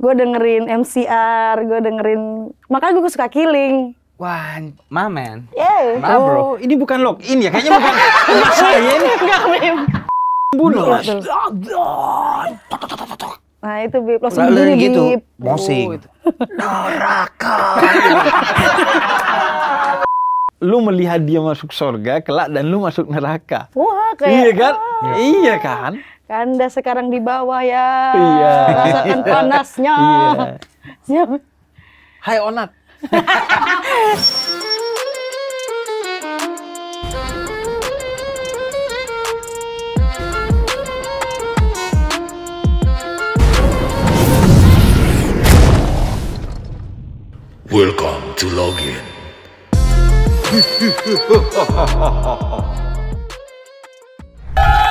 gue dengerin MCR, gue dengerin makanya gue suka killing. Wah, ma man. Yeah. Ma oh, Ini bukan in ya, kayaknya bukan. Enggak saya ini. Enggak mem. Bunuh. Iya, nah itu Bip, langsung berdiri gitu, Bip. Mosing. Oh, neraka. lu melihat dia masuk surga kelak dan lu masuk neraka. Wah, kayak Iya kan? iya kan? Kanda sekarang di bawah ya. Iya. Rasakan panasnya. Iya. Siap. Hai Onat. Welcome to Login. Hahaha.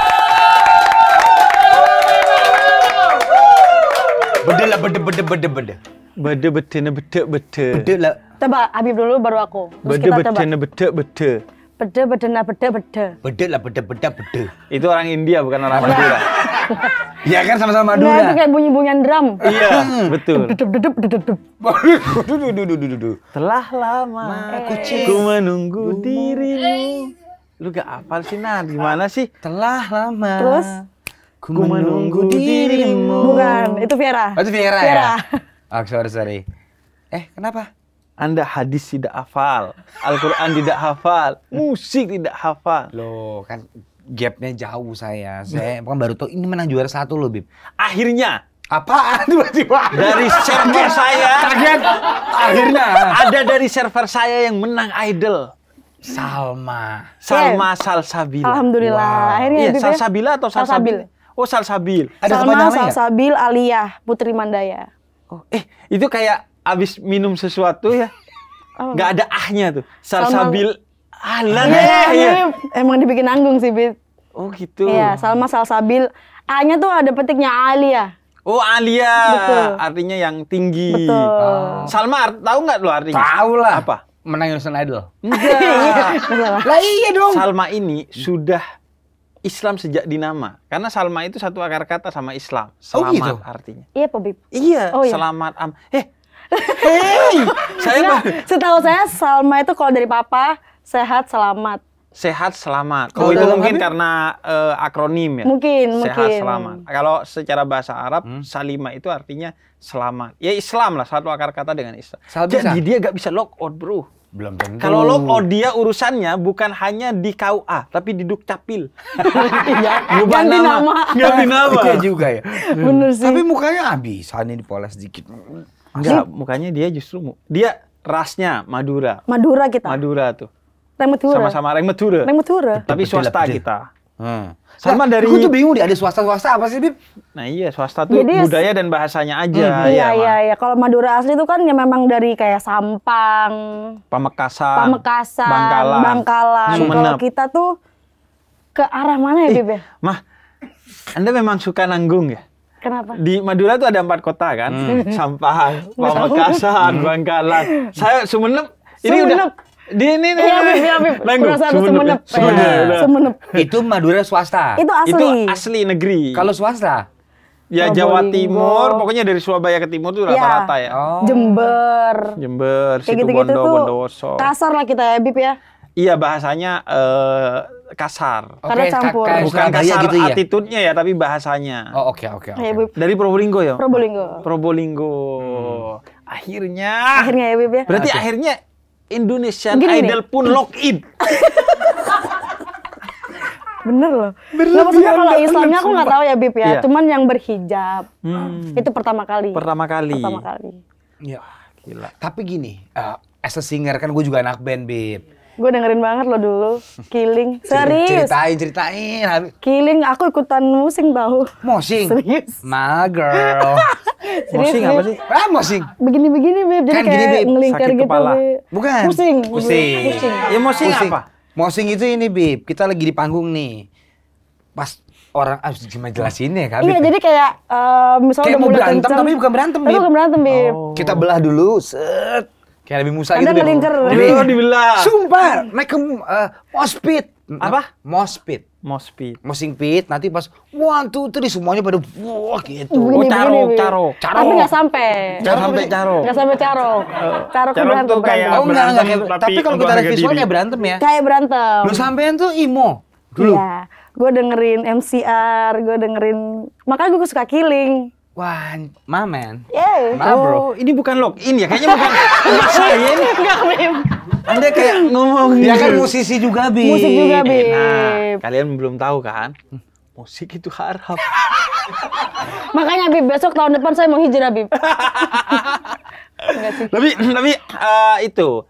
Beda lah, beda, beda, beda, beda. Beda, beda, beda, beda. Beda lah. Tebak, Habib dulu baru aku. Terus beda, beda, beda, beda. Beda, beda, beda, beda. Beda lah, beda, beda, beda. Itu orang India bukan orang Madura. Iya, iya kan sama-sama nah, Madura. Nah, itu kayak bunyi-bunyian drum. Iya, hmm. betul. Dudup dudup dudup dudup. Telah lama aku eh. menunggu dirimu. Eh. Lu gak hafal sih Nah, gimana sih? Telah lama. Terus Ku menunggu dirimu. Bukan, itu Viera. Oh, itu Viera, ya? Viera. ya? Oh, sorry, sorry. Eh, kenapa? Anda hadis tidak hafal, Al-Quran tidak hafal, musik tidak hafal. Loh, kan gapnya jauh saya. Saya kan baru tahu ini menang juara satu loh, Bib. Akhirnya. apa tiba-tiba? Dari server saya. Kaget. Akhirnya. Ada dari server saya yang menang Idol. Salma. Salma Sal Salsabila. Alhamdulillah. Wow. Akhirnya iya, Salsabila atau Salsabil? Salsabil. Oh Salsabil. Ada Salma Salsabil ya? Aliyah Putri Mandaya. Oh, eh itu kayak abis minum sesuatu ya. Nggak oh. ada ahnya tuh. Salsabil iya, Ah, yeah, ya. Emang dibikin nanggung sih, Bit. Oh gitu. Iya, Salma Salsabil A-nya tuh ada petiknya Alia. Oh Alia, Betul. artinya yang tinggi. Betul. Oh. Salma tahu nggak lo artinya? Tahu lah. Apa? Menang Indonesian Idol. Enggak. Iya, lah iya dong. Salma ini sudah Islam sejak dinama. Karena Salma itu satu akar kata sama Islam. Oh selamat oh gitu? artinya. Iya, Pobib. Iya. Oh, iya. Selamat am. Eh. Hey, saya nah, setahu saya Salma itu kalau dari papa sehat selamat. Sehat selamat. Kalau oh, itu mungkin karena uh, akronim ya. Mungkin, sehat mungkin. selamat. Kalau secara bahasa Arab hmm. salima itu artinya selamat. Ya Islam lah satu akar kata dengan Islam. Jadi dia gak bisa lock out, Bro. Belum tentu. Kalau lo oh dia urusannya bukan hanya di KUA, tapi di Dukcapil. Iya. ganti nama. nama. Ganti nama. Iya juga ya. Bener sih. Tapi mukanya habis, ini dipoles dikit. Enggak, mukanya dia justru dia rasnya Madura. Madura kita. Madura tuh. Remetura. Sama-sama Remetura. Remetura. Tapi swasta kita. Hmm. Sama nah, dari Aku tuh bingung deh ada swasta-swasta apa sih, Bib? Nah, iya, swasta tuh Jadi, budaya dan bahasanya aja hmm, ya. Iya, iya, iya, iya. Kalau Madura asli tuh kan ya memang dari kayak Sampang, Pamekasan, Pamekasan, Bangkalan. Bangkalan. Hmm, Kalau kita tuh ke arah mana ya, Bib ya? Mah, Anda memang suka nanggung ya? Kenapa? Di Madura tuh ada empat kota kan, hmm. Sampang, Pamekasan, Bangkalan. Saya Sumenep, Sumenep. ini udah di ini nih. Iya, Habib, Habib. Iya, Sumenep. Ya. Sumenep. Itu Madura swasta. Itu asli. Itu asli negeri. Kalau swasta? Ya Jawa Timur, pokoknya dari Surabaya ke timur tuh iya. rata-rata ya. Oh. Jember. Jember, situ gitu -gitu Bondo, Bondowoso. Kasar lah kita ya, Bib ya. Iya, bahasanya uh, kasar. Okay, Karena campur. Bukan kasar gitu ya? attitude-nya ya, tapi bahasanya. Oh, oke okay, oke okay, Okay. Dari Probolinggo ya? Probolinggo. Probolinggo. Hmm. Akhirnya. Akhirnya ya, Bib ya. Berarti okay. akhirnya Indonesian Gini Idol nih. pun login. Bener loh. Bener nah, maksudnya kalau Islamnya aku nggak tahu ya Bib ya. Iya. Cuman yang berhijab hmm. itu pertama kali. Pertama kali. Pertama kali. Ya, gila. Tapi gini, uh, as a singer kan gue juga anak band Bib Gue dengerin banget lo dulu. Killing. Serius. Ceritain, ceritain. Killing, aku ikutan musing tau. musing Serius. My girl. musing apa sih? Ah, musing. Begini-begini, Beb. Jadi kan kayak ngelingkar gitu, kepala. Bukan. Musing. Musing. musing. Ya musing musing. apa? musing itu ini, Beb. Kita lagi di panggung nih. Pas orang harus ah, gimana jelasinnya kan? Iya, jadi kayak uh, misalnya kayak udah mau berantem kenceng, tapi bukan berantem, Bib. Tapi bukan berantem, Oh. Kita belah dulu, set Kayak Nabi Musa Anda gitu. Anda melingkar. Oh, dibilang. Sumpah, naik ke uh, mospit. Hmm. Apa? Mospit. Mospit. Mosing pit. Nanti pas one two three semuanya pada wah gitu. Begini, oh, caro, begini. caro, caro. Tapi gak sampai. Nggak sampai caro. Gak sampai caro. Caro, kan caro berantem. Tuh kayak oh enggak enggak. Kayak, tapi, tapi kalau kita lihat visualnya berantem ya. Kayak berantem. Lu sampein tuh imo dulu. Iya. Gue dengerin MCR, gue dengerin. Makanya gue suka killing. Wah, ma man. Yeah. Ma bro. Oh, ini bukan login ya? Kayaknya bukan Mas maksain. Enggak, Bim. Anda kayak ngomong. Dia ya kan musisi juga, Bim. Musik juga, nah, Bim. Eh, nah, Kalian belum tahu kan? Musik itu harap. Makanya, Bim, besok tahun depan saya mau hijrah, Bim. Enggak sih. Tapi, tapi uh, itu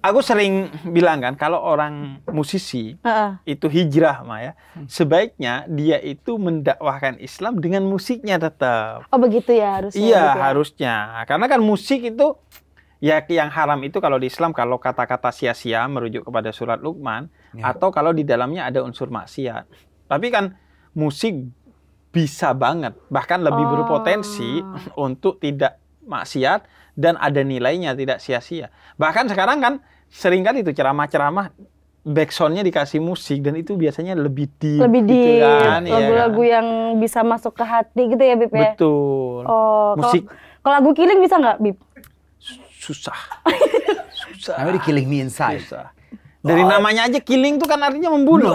aku sering bilang kan kalau orang musisi uh-uh. itu hijrah mah ya sebaiknya dia itu mendakwahkan Islam dengan musiknya tetap oh begitu ya harusnya iya gitu ya. harusnya karena kan musik itu ya yang haram itu kalau di Islam kalau kata-kata sia-sia merujuk kepada surat Luqman ya. atau kalau di dalamnya ada unsur maksiat tapi kan musik bisa banget bahkan lebih oh. berpotensi untuk tidak maksiat dan ada nilainya tidak sia-sia. Bahkan sekarang kan sering kali itu ceramah-ceramah backsoundnya dikasih musik dan itu biasanya lebih di lebih di gitu kan, iya lagu-lagu ya kan? yang bisa masuk ke hati gitu ya Bib ya. Betul. Oh, musik. Kalau lagu killing bisa nggak Bib? Susah. Susah. Namanya di killing me inside. Susah. Dari oh. namanya aja killing tuh kan artinya membunuh.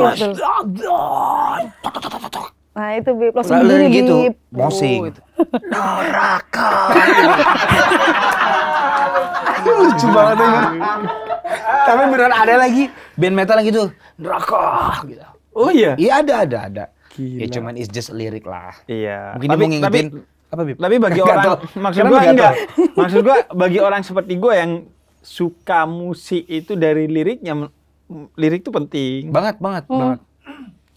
Nah itu Bib, langsung Lalu gitu, gitu, musik. Neraka. lucu banget ya. Tapi beneran ada lagi band metal yang gitu, neraka gitu. Oh iya. Iya ada ada ada. Ya, Gila. Ya cuman it's just lirik lah. Iya. Mungkin tapi, mau ngingetin tapi, apa Tapi bagi orang gatel. maksud gue maksud gue bagi orang seperti gue yang suka musik itu dari liriknya lirik itu penting. Banget banget hmm. banget.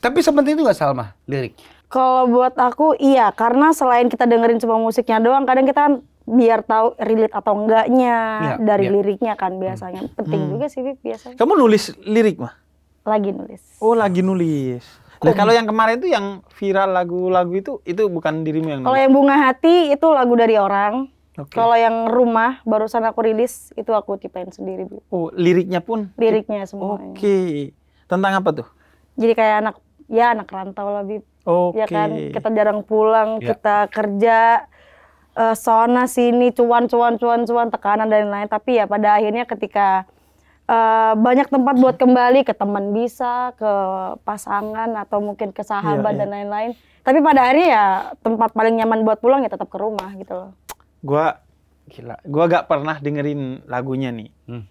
Tapi sepenting itu gak Salma lirik? Kalau buat aku iya, karena selain kita dengerin cuma musiknya doang, kadang kita kan biar tahu relate atau enggaknya ya, dari ya. liriknya kan hmm. biasanya hmm. penting hmm. juga sih Bip, biasanya. Kamu nulis lirik mah? Lagi nulis. Oh lagi nulis. Nah kalau yang kemarin itu yang viral lagu-lagu itu itu bukan dirimu yang Kalau yang bunga hati itu lagu dari orang. Okay. Kalau yang rumah barusan aku rilis itu aku tipein sendiri. Bu. Oh, liriknya pun? Liriknya semua. Oke. Okay. Tentang apa tuh? Jadi kayak anak ya anak rantau lah, ya Oke. Okay. Ya kan kita jarang pulang, ya. kita kerja uh, eh, sona sini cuan cuan cuan cuan tekanan dan lain-lain tapi ya pada akhirnya ketika uh, banyak tempat buat kembali ke teman bisa ke pasangan atau mungkin ke sahabat yeah, dan iya. lain-lain tapi pada akhirnya ya tempat paling nyaman buat pulang ya tetap ke rumah gitu loh gua gila gua gak pernah dengerin lagunya nih hmm.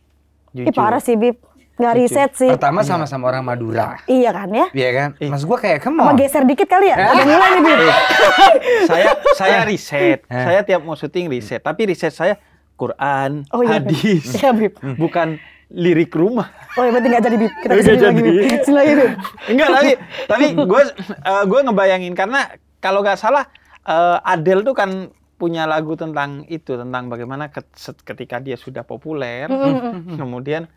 Jujur. Ih, parah sih Bib Gak riset sih. Pertama iya. sama-sama orang Madura. Iya kan ya? Iya kan? Iya. Mas gua kayak kemau. Sama geser dikit kali ya? Udah mulai nih, Bi. Iya. Saya saya riset. Eh. saya tiap mau syuting riset, tapi riset saya Quran, oh, iya, hadis. Iya, hmm. Bukan lirik rumah. Oh ya berarti nggak jadi bib. Kita kesini lagi bib. lagi bib. Enggak tapi tapi gue uh, gue ngebayangin karena kalau nggak salah uh, Adele tuh kan punya lagu tentang itu tentang bagaimana ketika dia sudah populer, kemudian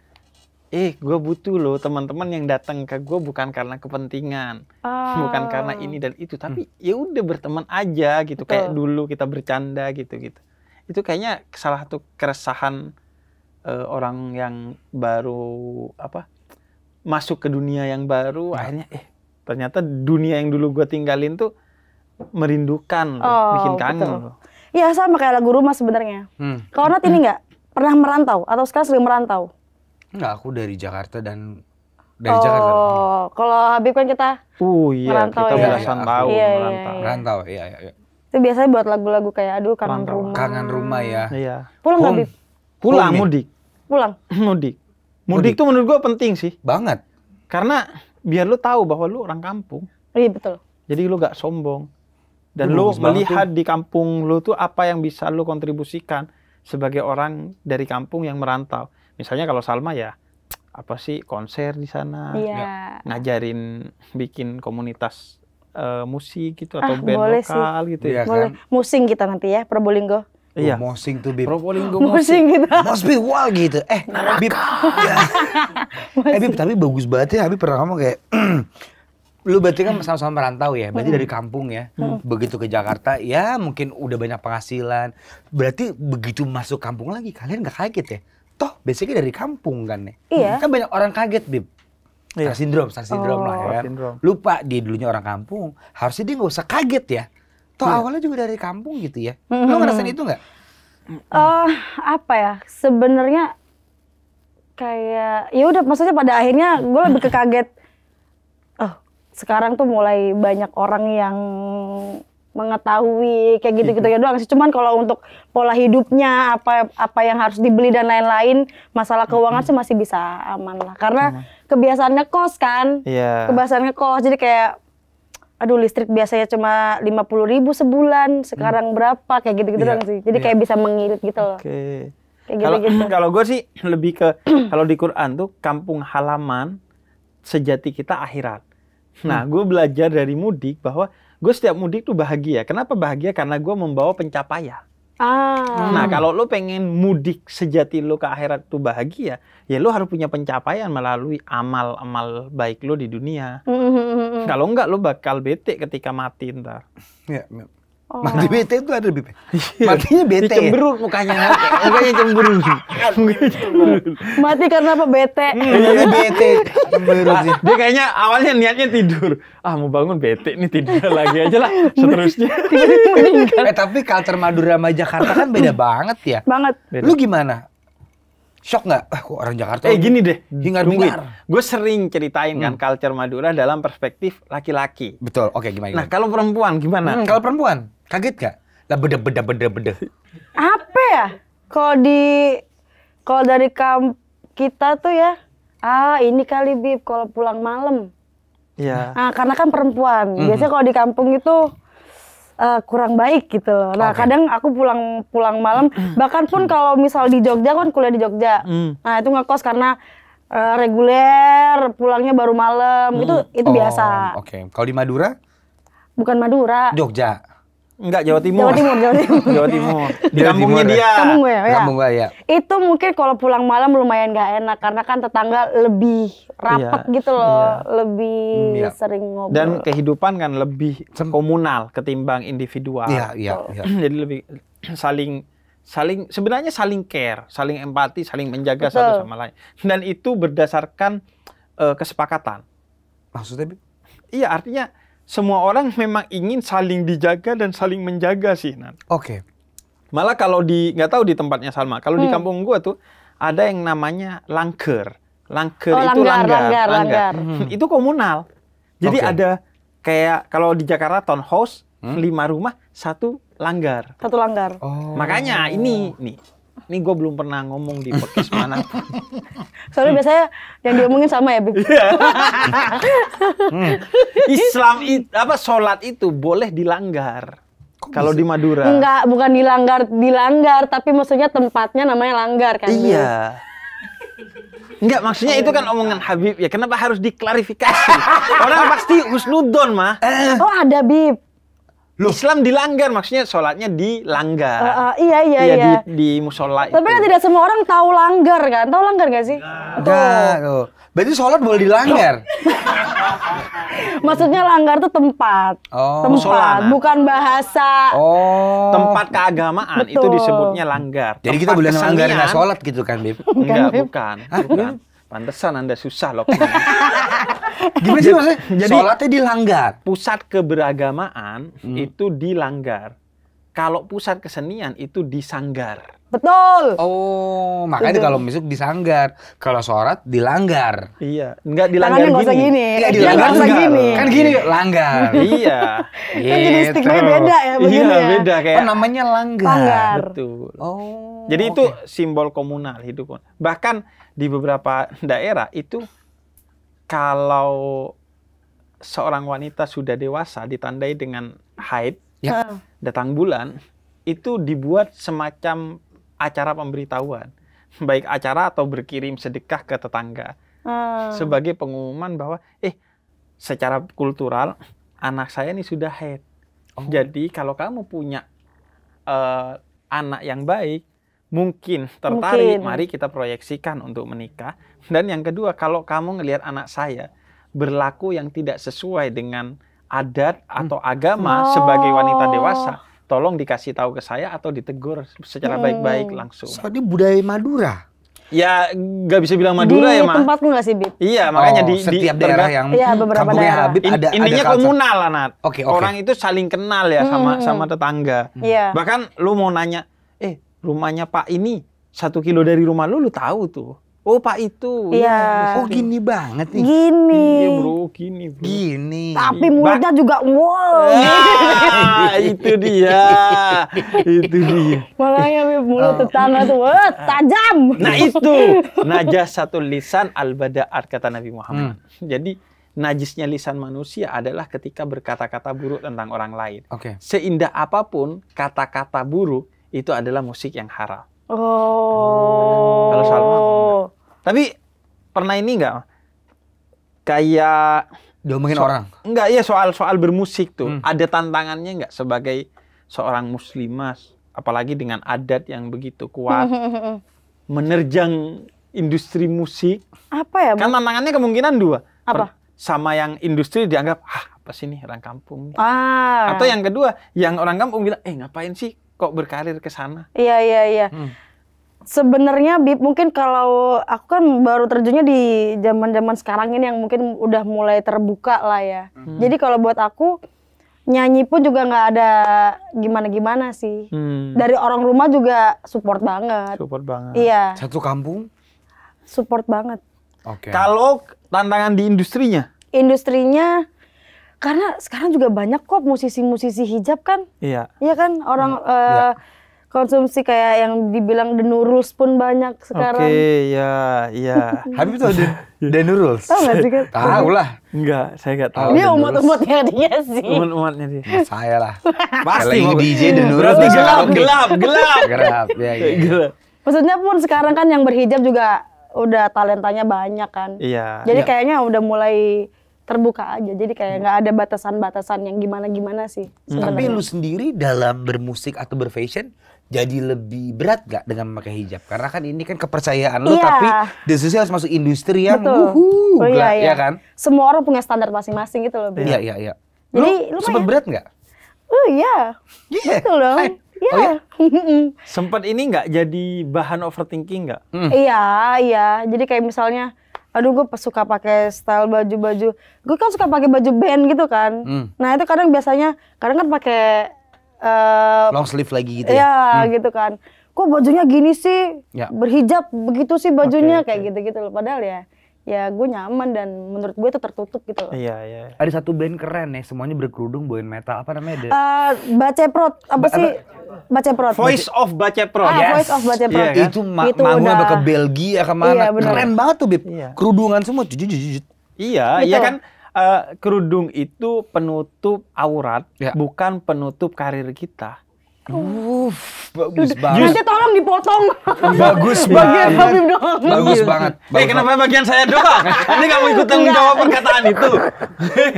eh gue butuh loh teman-teman yang datang ke gue bukan karena kepentingan oh. bukan karena ini dan itu tapi hmm. ya udah berteman aja gitu Betul. kayak dulu kita bercanda gitu gitu itu kayaknya salah satu keresahan uh, orang yang baru apa masuk ke dunia yang baru hmm. akhirnya eh ternyata dunia yang dulu gue tinggalin tuh merindukan loh, oh, bikin kangen betul. loh. Iya sama kayak lagu rumah sebenarnya. Hmm. Kau Nat ini nggak pernah merantau atau sekarang sering merantau? Enggak, aku dari Jakarta dan dari oh, Jakarta. Oh, kalau Habib kan kita uh, iya, merantau kita ya. belasan tahun iya, merantau. Iya, iya. Merantau, iya, iya. iya. Itu biasanya buat lagu-lagu kayak aduh kangen merantau. rumah. Kangen rumah ya. Iya. Pulang Home. Habib. Pulang ya. mudik. Pulang. mudik. mudik. tuh menurut gua penting sih. Banget. Karena biar lu tahu bahwa lu orang kampung. Iya, betul. Jadi lu gak sombong. Dan lu melihat tuh. di kampung lu tuh apa yang bisa lu kontribusikan sebagai orang dari kampung yang merantau misalnya kalau Salma ya apa sih konser di sana yeah. Ya. ngajarin bikin komunitas uh, musik gitu atau ah, band boleh lokal sih. gitu ya iya kan? musing kita nanti ya Probolinggo oh, Iya. Mosing tuh Bib. Probolinggo mosing. gitu. Mos Bib wah gitu. Eh, Bib. Ya. eh Bib, tapi bagus banget ya Habib pernah ngomong kayak lu berarti kan sama-sama merantau ya, berarti dari kampung ya, hmm. begitu ke Jakarta, ya mungkin udah banyak penghasilan, berarti begitu masuk kampung lagi kalian nggak kaget ya? toh basicnya dari kampung kan nih. Iya. Kan banyak orang kaget, Bib. Iya. Star syndrome, star syndrome oh, lah ya. Kan. Syndrome. Lupa dia dulunya orang kampung, harusnya dia nggak usah kaget ya. Toh iya. awalnya juga dari kampung gitu ya. Mm-hmm. Lo ngerasain itu nggak? Uh, apa ya? Sebenarnya kayak ya udah maksudnya pada akhirnya gue lebih kekaget. Oh, sekarang tuh mulai banyak orang yang mengetahui kayak gitu-gitu gitu. ya doang sih. Cuman kalau untuk pola hidupnya apa apa yang harus dibeli dan lain-lain, masalah keuangan -hmm. sih masih bisa aman lah. Karena kebiasaan -hmm. kebiasaannya kos kan. Yeah. Kebiasaannya kos. Jadi kayak aduh listrik biasanya cuma lima puluh ribu sebulan, sekarang hmm. berapa kayak gitu-gitu yeah. sih. Jadi yeah. kayak bisa mengirit gitu Oke. Okay. Kalau gitu -gitu. kalau gue sih lebih ke kalau di Quran tuh kampung halaman sejati kita akhirat. Nah, hmm. gue belajar dari mudik bahwa gue setiap mudik tuh bahagia. Kenapa bahagia? Karena gue membawa pencapaian. Ah. Nah, kalau lo pengen mudik sejati lo ke akhirat tuh bahagia, ya lo harus punya pencapaian melalui amal-amal baik lo di dunia. Mm -hmm. Kalau enggak, lo bakal bete ketika mati ntar. Yeah, yeah. Oh. Mati bete itu ada bete, iya. Matinya bete Cemberut ya? mukanya. mukanya cemburu. Mati karena apa bete? Hmm, iya, iya, bete. Nah, dia kayaknya awalnya niatnya tidur. Ah mau bangun bete nih tidur lagi aja lah seterusnya. eh tapi culture Madura sama Jakarta kan beda banget ya. Banget. Lu gimana? Shock gak? Eh ah, kok orang Jakarta? Eh gini deh, hingar-bingar. Gue sering ceritain kan hmm. culture Madura dalam perspektif laki-laki. Betul. Oke, gimana, Nah, kalau perempuan gimana? Hmm, kalau perempuan? Kaget gak? Lah beda beda beda beda. Apa ya? Kalau di kalau dari kamp kita tuh ya, ah ini kali bib kalau pulang malam. Iya. Nah, karena kan perempuan. Mm -hmm. Biasanya kalau di kampung itu uh, kurang baik gitu loh. Nah, okay. kadang aku pulang pulang malam, bahkan pun kalau misal di Jogja kan kuliah di Jogja. Mm. Nah, itu ngekos karena uh, reguler, pulangnya baru malam. Mm. Itu hmm. itu oh, biasa. Oke. Okay. Kalau di Madura? Bukan Madura. Jogja. Enggak, Jawa Timur. Jawa Timur, Jawa Timur. Jawa Timur. Di kampungnya dia. Kampung gue, ya. Kampung gue, ya. Itu mungkin kalau pulang malam lumayan gak enak karena kan tetangga lebih rapat iya, gitu loh, iya. lebih hmm, iya. sering ngobrol. Dan kehidupan kan lebih komunal ketimbang individual. Iya, iya, iya. Jadi lebih saling saling sebenarnya saling care, saling empati, saling menjaga Betul. satu sama lain. Dan itu berdasarkan uh, kesepakatan. Maksudnya? Iya, artinya semua orang memang ingin saling dijaga dan saling menjaga sih Nan. Oke. Okay. Malah kalau di nggak tahu di tempatnya Salma, kalau hmm. di kampung gua tuh ada yang namanya langker. Langker oh, itu langgar, langgar, langgar. langgar. langgar. Hmm. Hmm. Itu komunal. Jadi okay. ada kayak kalau di Jakarta townhouse hmm? lima rumah satu langgar. Satu langgar. Oh. Makanya ini nih ini gue belum pernah ngomong di podcast mana. Soalnya biasanya yang diomongin sama ya, Bib. Iya. Hmm. Islam itu apa sholat itu boleh dilanggar. Kalau di Madura. Enggak, bukan dilanggar, dilanggar, tapi maksudnya tempatnya namanya langgar kan. Iya. Enggak, maksudnya itu kan omongan Habib ya. Kenapa harus diklarifikasi? Orang pasti husnudon mah. Eh. Oh, ada Bib. Loh. Islam dilanggar maksudnya sholatnya dilanggar. Uh, uh, iya iya iya. Di, di musola. Tapi kan tidak semua orang tahu langgar kan? Tahu langgar gak sih? Enggak. Oh. Berarti sholat boleh dilanggar. Maksudnya langgar tuh tempat. Oh. Tempat, nah. bukan bahasa. Oh. Tempat keagamaan Betul. itu disebutnya langgar. Jadi tempat kita boleh langgar nggak sholat gitu kan, Bib? Enggak, bukan. bukan. Pantesan Anda susah loh. Gimana sih maksudnya? Jadi sholatnya dilanggar. Pusat keberagamaan hmm. itu dilanggar. Kalau pusat kesenian itu disanggar. Betul. Oh, makanya kalau misuk disanggar, kalau sholat dilanggar. Iya, enggak dilanggar Tangannya gini. gini. Enggak iya, dilanggar enggak. Gini. Kan gini langgar. iya. Kan jadi gitu. stigma beda ya begini iya, ya. beda kayak. Oh, namanya langgar. langgar. Betul. Oh. Jadi itu okay. simbol komunal hidup. Bahkan di beberapa daerah itu kalau seorang wanita sudah dewasa ditandai dengan haid, ya. datang bulan, itu dibuat semacam acara pemberitahuan, baik acara atau berkirim sedekah ke tetangga. Hmm. Sebagai pengumuman bahwa eh secara kultural anak saya ini sudah head. Oh. Jadi kalau kamu punya uh, anak yang baik, mungkin tertarik, mungkin. mari kita proyeksikan untuk menikah. Dan yang kedua, kalau kamu ngelihat anak saya berlaku yang tidak sesuai dengan adat atau agama oh. sebagai wanita dewasa, tolong dikasih tahu ke saya atau ditegur secara hmm. baik-baik hmm. langsung. Soalnya budaya Madura. Ya nggak bisa bilang Madura di ya mak. Tempatku nggak sih Bib? Iya makanya oh, di setiap di, daerah yang ya, beberapa daerah. Habib ada intinya ada komunal lah Oke okay, okay. Orang itu saling kenal ya sama hmm. sama tetangga. Hmm. Iya. Bahkan lu mau nanya, eh rumahnya Pak ini satu kilo dari rumah lu, lu tahu tuh. Oh pak itu. Iya. Ya, oh gini banget nih. Gini. Iya bro, gini bro. Gini. Tapi mulutnya ba juga wow. Ah, itu dia. itu dia. Makanya mulut oh. tetangga tuh wah, tajam. Nah itu. najis satu lisan al-bada'at kata Nabi Muhammad. Hmm. Jadi najisnya lisan manusia adalah ketika berkata-kata buruk tentang orang lain. Oke. Okay. Seindah apapun kata-kata buruk itu adalah musik yang haram. Oh. Kalau Salma. Enggak. Tapi pernah ini nggak? Kayak diomongin so orang. Enggak, ya soal-soal bermusik tuh. Hmm. Ada tantangannya enggak sebagai seorang muslimah apalagi dengan adat yang begitu kuat menerjang industri musik. Apa ya? Kan tantangannya kemungkinan dua. Apa? Per sama yang industri dianggap ah apa sih nih orang kampung Ah. Atau yang kedua, yang orang kampung bilang, "Eh, ngapain sih kok berkarir ke sana? Iya iya iya. Hmm. Sebenarnya Bib mungkin kalau aku kan baru terjunnya di zaman-zaman sekarang ini yang mungkin udah mulai terbuka lah ya. Hmm. Jadi kalau buat aku nyanyi pun juga nggak ada gimana-gimana sih. Hmm. Dari orang rumah juga support banget. Support banget. Iya. Satu kampung support banget. Oke. Okay. Kalau tantangan di industrinya? Industrinya karena sekarang juga banyak kok musisi-musisi hijab kan iya iya kan orang hmm, uh, iya. konsumsi kayak yang dibilang denurus pun banyak sekarang oke okay, ya iya, iya. Habib tahu The, The Nurus tahu nggak sih tahu lah enggak saya enggak tahu dia umat-umatnya dia sih umat-umatnya dia nah, saya lah pasti lagi DJ The Nurus gelap gelap gelap gelap ya, ya, ya. gelap maksudnya pun sekarang kan yang berhijab juga udah talentanya banyak kan iya jadi iya. kayaknya udah mulai terbuka aja jadi kayak hmm. nggak ada batasan-batasan yang gimana-gimana sih sebenernya. Hmm. tapi lu sendiri dalam bermusik atau berfashion jadi lebih berat gak dengan memakai hijab karena kan ini kan kepercayaan lu yeah. tapi di sisi harus masuk industri yang Betul. wuhu oh, iya, iya. ya kan semua orang punya standar masing-masing gitu loh iya iya iya lu sempat berat gak? oh iya yeah. betul dong Hai. Yeah. Oh, iya. sempat ini nggak jadi bahan overthinking nggak? Mm. Iya, iya. Jadi kayak misalnya, aduh gue suka pakai style baju-baju gue kan suka pakai baju band gitu kan hmm. nah itu kadang biasanya kadang kan pakai uh, long sleeve lagi gitu ya, ya hmm. gitu kan kok bajunya gini sih ya. berhijab begitu sih bajunya okay, kayak gitu-gitu loh padahal ya ya gue nyaman dan menurut gue itu tertutup gitu loh. Iya, iya. Ada satu band keren nih, semuanya berkerudung band metal apa namanya? Ada? Uh, eh, Baceprot apa ba sih? Baceprot. Voice of Baceprot. Ah, yes. Voice of Baceprot. Yeah, kan? Ya. Itu, ma itu manggung udah... ke Belgia kemana? Iya, bener. keren banget tuh, Bib. Iya. Kerudungan semua. Jujur, jujur. Iya, gitu. iya kan uh, kerudung itu penutup aurat, ya. bukan penutup karir kita. Uff, bagus banget. Nanti tolong dipotong. Bagus bagian banget. Habib doang. Bagus iya. banget. Bagus eh, kenapa bagian saya doang? Ini kamu ikut tanggung jawab perkataan itu.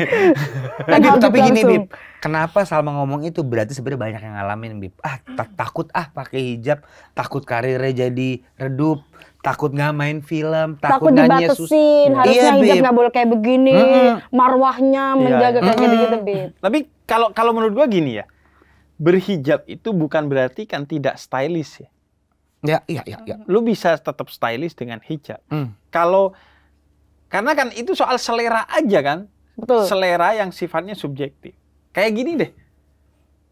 Tapi tapi gini, Bib. Kenapa Salma ngomong itu? Berarti sebenarnya banyak yang ngalamin, Bib. Ah, takut ah pakai hijab, takut karirnya jadi redup, takut nggak main film, takut, takut Sus- iya, harusnya iya, hijab nggak boleh kayak begini, mm -hmm. marwahnya iya, menjaga mm -hmm. kayak gitu-gitu, Tapi kalau kalau menurut gua gini ya, berhijab itu bukan berarti kan tidak stylish ya. Ya, ya iya, iya. Lu bisa tetap stylish dengan hijab. Hmm. Kalau karena kan itu soal selera aja kan. Betul. Selera yang sifatnya subjektif. Kayak gini deh.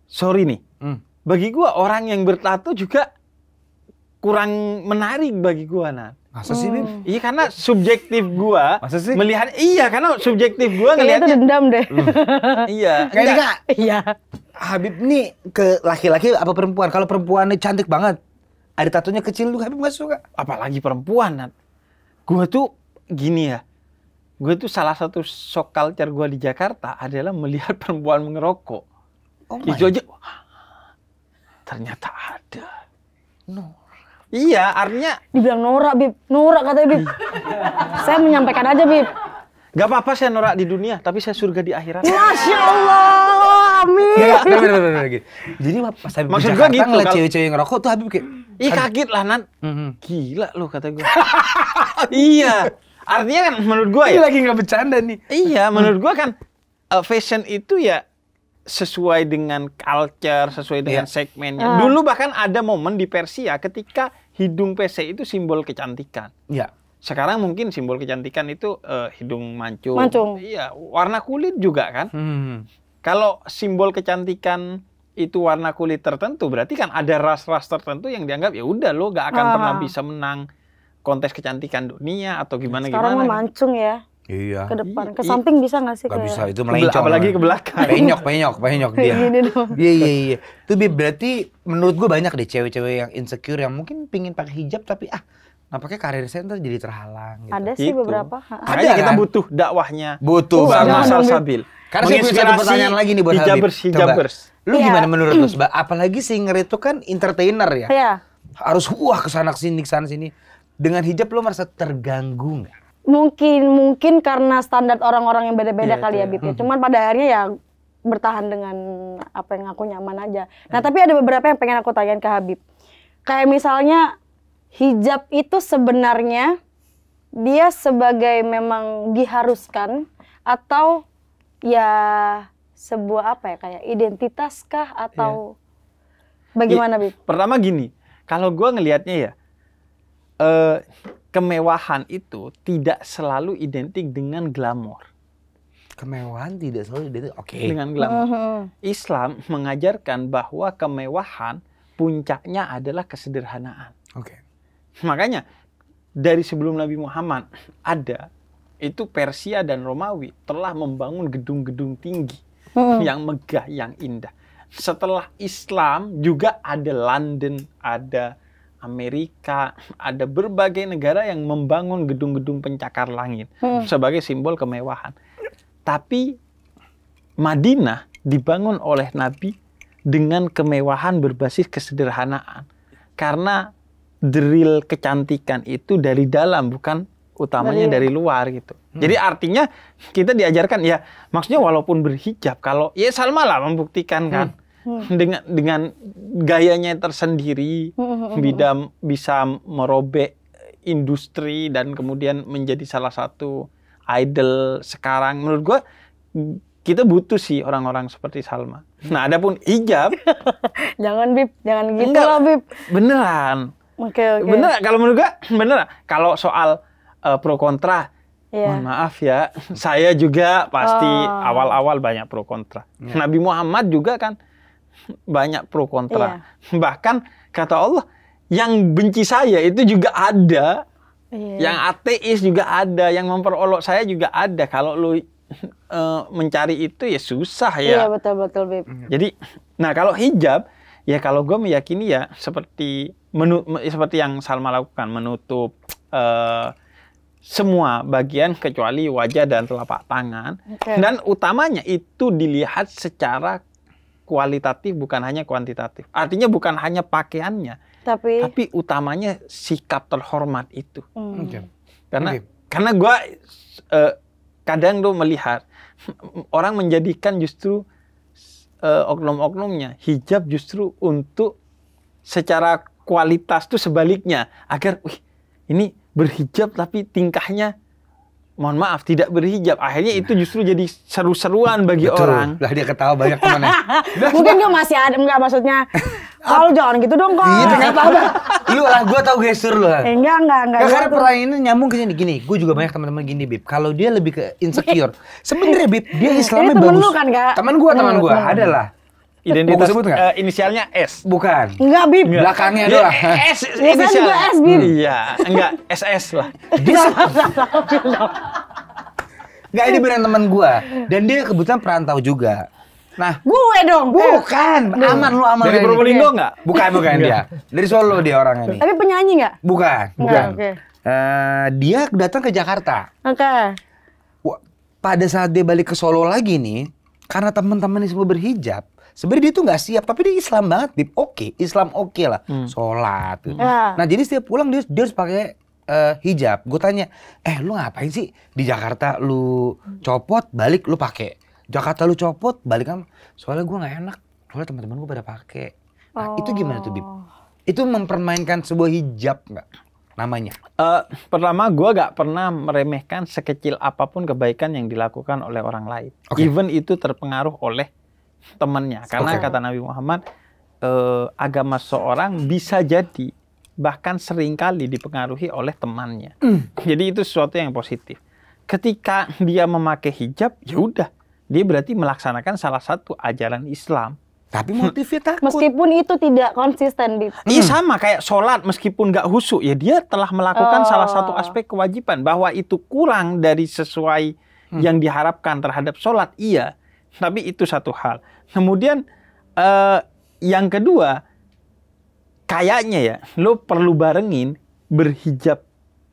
Sorry nih. Hmm. Bagi gua orang yang bertato juga kurang menarik bagi gua, Nah. Masa sih, Bim? Oh. Iya, karena subjektif gua Masa sih? melihat iya karena subjektif gua ngelihatnya itu dendam deh. Hmm. iya. Kayaknya enggak? Iya. Habib nih ke laki-laki apa perempuan? Kalau perempuan nih cantik banget, ada tatunya kecil tuh Habib gak suka. Apalagi perempuan, Nat. Gua tuh gini ya. Gue tuh salah satu shock culture gue di Jakarta adalah melihat perempuan mengerokok. Oh Itu aja, ternyata ada. No. Iya, artinya dibilang norak, Bib. Norak katanya, Bib. Iya. saya menyampaikan aja, Bib. Gak apa-apa saya norak di dunia, tapi saya surga di akhirat. Masya Allah, amin. Gak, gak, gak, gak, gak, gak. Jadi pas Habib Maksud Jakarta gitu, ngeliat cewek-cewek ngerokok tuh Habib kayak... Ih kaget lah, Nan. Mm-hmm. Gila loh kata gue. iya. Artinya kan menurut gue ya... lagi gak bercanda nih. Iya, menurut gue kan uh, fashion itu ya sesuai dengan culture, sesuai dengan yeah. segmennya. Uh. Dulu bahkan ada momen di Persia ketika hidung PC itu simbol kecantikan. Ya. Sekarang mungkin simbol kecantikan itu uh, hidung mancung. Mancung. Iya, warna kulit juga kan. Hmm. Kalau simbol kecantikan itu warna kulit tertentu, berarti kan ada ras-ras tertentu yang dianggap ya udah lo gak akan Aha. pernah bisa menang kontes kecantikan dunia atau gimana Sekarang gimana. Gitu. mancung ya. Iya. Ke depan, ke iya. samping bisa gak sih? Gak bisa, itu melencong. Apalagi ke belakang. Penyok, penyok, penyok dia. Iya, iya, iya. Itu berarti menurut gue banyak deh cewek-cewek yang insecure yang mungkin pingin pakai hijab tapi ah nampaknya karir saya ntar jadi terhalang. Gitu. Ada sih gitu. beberapa. Ada kan? kita butuh dakwahnya. Butuh sama Sal Sabil. Karena saya punya pertanyaan lagi nih buat hijabers, Habib. Hijabers. Lu ya. gimana menurut lu? Apalagi singer itu kan entertainer ya. Iya. Harus wah kesana sini kesana sini. Dengan hijab lu merasa terganggu nggak? mungkin mungkin karena standar orang-orang yang beda-beda yeah, kali ya, ya Bib. Ya. Cuman pada akhirnya ya bertahan dengan apa yang aku nyaman aja. Nah, tapi ada beberapa yang pengen aku tanyain ke Habib. Kayak misalnya hijab itu sebenarnya dia sebagai memang diharuskan atau ya sebuah apa ya kayak identitas kah atau yeah. bagaimana Bib? Pertama gini, kalau gue ngelihatnya ya uh, kemewahan itu tidak selalu identik dengan glamor. Kemewahan tidak selalu identik okay. dengan glamor. Islam mengajarkan bahwa kemewahan puncaknya adalah kesederhanaan. Oke. Okay. Makanya dari sebelum Nabi Muhammad ada itu Persia dan Romawi telah membangun gedung-gedung tinggi yang megah, yang indah. Setelah Islam juga ada London, ada Amerika, ada berbagai negara yang membangun gedung-gedung pencakar langit hmm. sebagai simbol kemewahan. Tapi Madinah dibangun oleh Nabi dengan kemewahan berbasis kesederhanaan. Karena drill kecantikan itu dari dalam bukan utamanya dari, dari luar gitu. Hmm. Jadi artinya kita diajarkan ya maksudnya walaupun berhijab kalau ya Salma lah membuktikan kan. Hmm hmm. dengan dengan gayanya tersendiri hmm. hmm, hmm bisa hmm. bisa merobek industri dan kemudian menjadi salah satu idol sekarang menurut gue kita butuh sih orang-orang seperti Salma. Nah, adapun hijab, jangan bib, jangan gitu enggak, lah bib. Beneran. Oke okay, oke. Okay. Bener kalau menurut gue bener kalau soal uh, pro kontra Yeah. Mohon maaf ya, saya juga pasti oh. awal-awal oh. banyak pro kontra. Yeah. Nabi Muhammad juga kan banyak pro kontra. Iya. Bahkan kata Allah, yang benci saya itu juga ada. Iya. Yang ateis juga ada, yang memperolok saya juga ada. Kalau lu uh, mencari itu ya susah ya. Iya betul betul Bib. Hmm. Jadi, nah kalau hijab ya kalau gue meyakini ya seperti menu, ya seperti yang Salma lakukan menutup uh, semua bagian kecuali wajah dan telapak tangan okay. dan utamanya itu dilihat secara kualitatif bukan hanya kuantitatif. Artinya bukan hanya pakaiannya, tapi tapi utamanya sikap terhormat itu. Hmm. Okay. Karena okay. karena gue uh, kadang lo melihat orang menjadikan justru uh, oknum-oknumnya hijab justru untuk secara kualitas tuh sebaliknya agar wih ini berhijab tapi tingkahnya mohon maaf tidak berhijab akhirnya itu nah. justru jadi seru-seruan bagi Betul. orang lah dia ketawa banyak temannya mungkin dia masih ada enggak maksudnya kalau jangan gitu dong kok iya kenapa lu lah gue tau gestur lu eh, enggak enggak enggak ya, karena ini nyambung ke sini gini gue juga banyak teman-teman gini bib kalau dia lebih ke insecure sebenarnya bib dia Islamnya bagus temen lu kan gak? teman gue temen gue iya, adalah Identitas sebut uh, inisialnya S. Bukan. Enggak, Bib. Belakangnya dia doang. S inisial. juga S, Bib. Hmm. Iya, enggak SS lah. Dia Enggak, ini beneran teman gua dan dia kebetulan perantau juga. Nah, gue dong. Bukan, eh, aman lu aman. Dari Probolinggo enggak? Iya. Bukan, bukan dia. Dari Solo dia orang ini. Tapi penyanyi enggak? Bukan, nah, bukan. Okay. Uh, eh, dia datang ke Jakarta. Oke. Okay. Pada saat dia balik ke Solo lagi nih, karena teman-temannya semua berhijab, sebenarnya dia tuh nggak siap tapi dia Islam banget Bib oke okay. Islam oke okay lah hmm. sholat gitu. Ya. nah jadi setiap pulang dia dia harus pakai uh, hijab gue tanya eh lu ngapain sih di Jakarta lu copot balik lu pakai Jakarta lu copot balik kan soalnya gue nggak enak soalnya teman-teman gue pada pakai nah, oh. itu gimana tuh Bib itu mempermainkan sebuah hijab nggak namanya? Uh, pertama, gue gak pernah meremehkan sekecil apapun kebaikan yang dilakukan oleh orang lain. Okay. Even itu terpengaruh oleh temannya karena okay. kata Nabi Muhammad eh, agama seorang bisa jadi bahkan seringkali dipengaruhi oleh temannya. Mm. Jadi itu sesuatu yang positif. Ketika dia memakai hijab, ya udah, dia berarti melaksanakan salah satu ajaran Islam. Tapi motifnya takut. Meskipun itu tidak konsisten, Hmm. Iya sama kayak sholat meskipun nggak husu. ya dia telah melakukan oh. salah satu aspek kewajiban bahwa itu kurang dari sesuai hmm. yang diharapkan terhadap sholat iya. Tapi itu satu hal. Kemudian eh, yang kedua, kayaknya ya, lo perlu barengin berhijab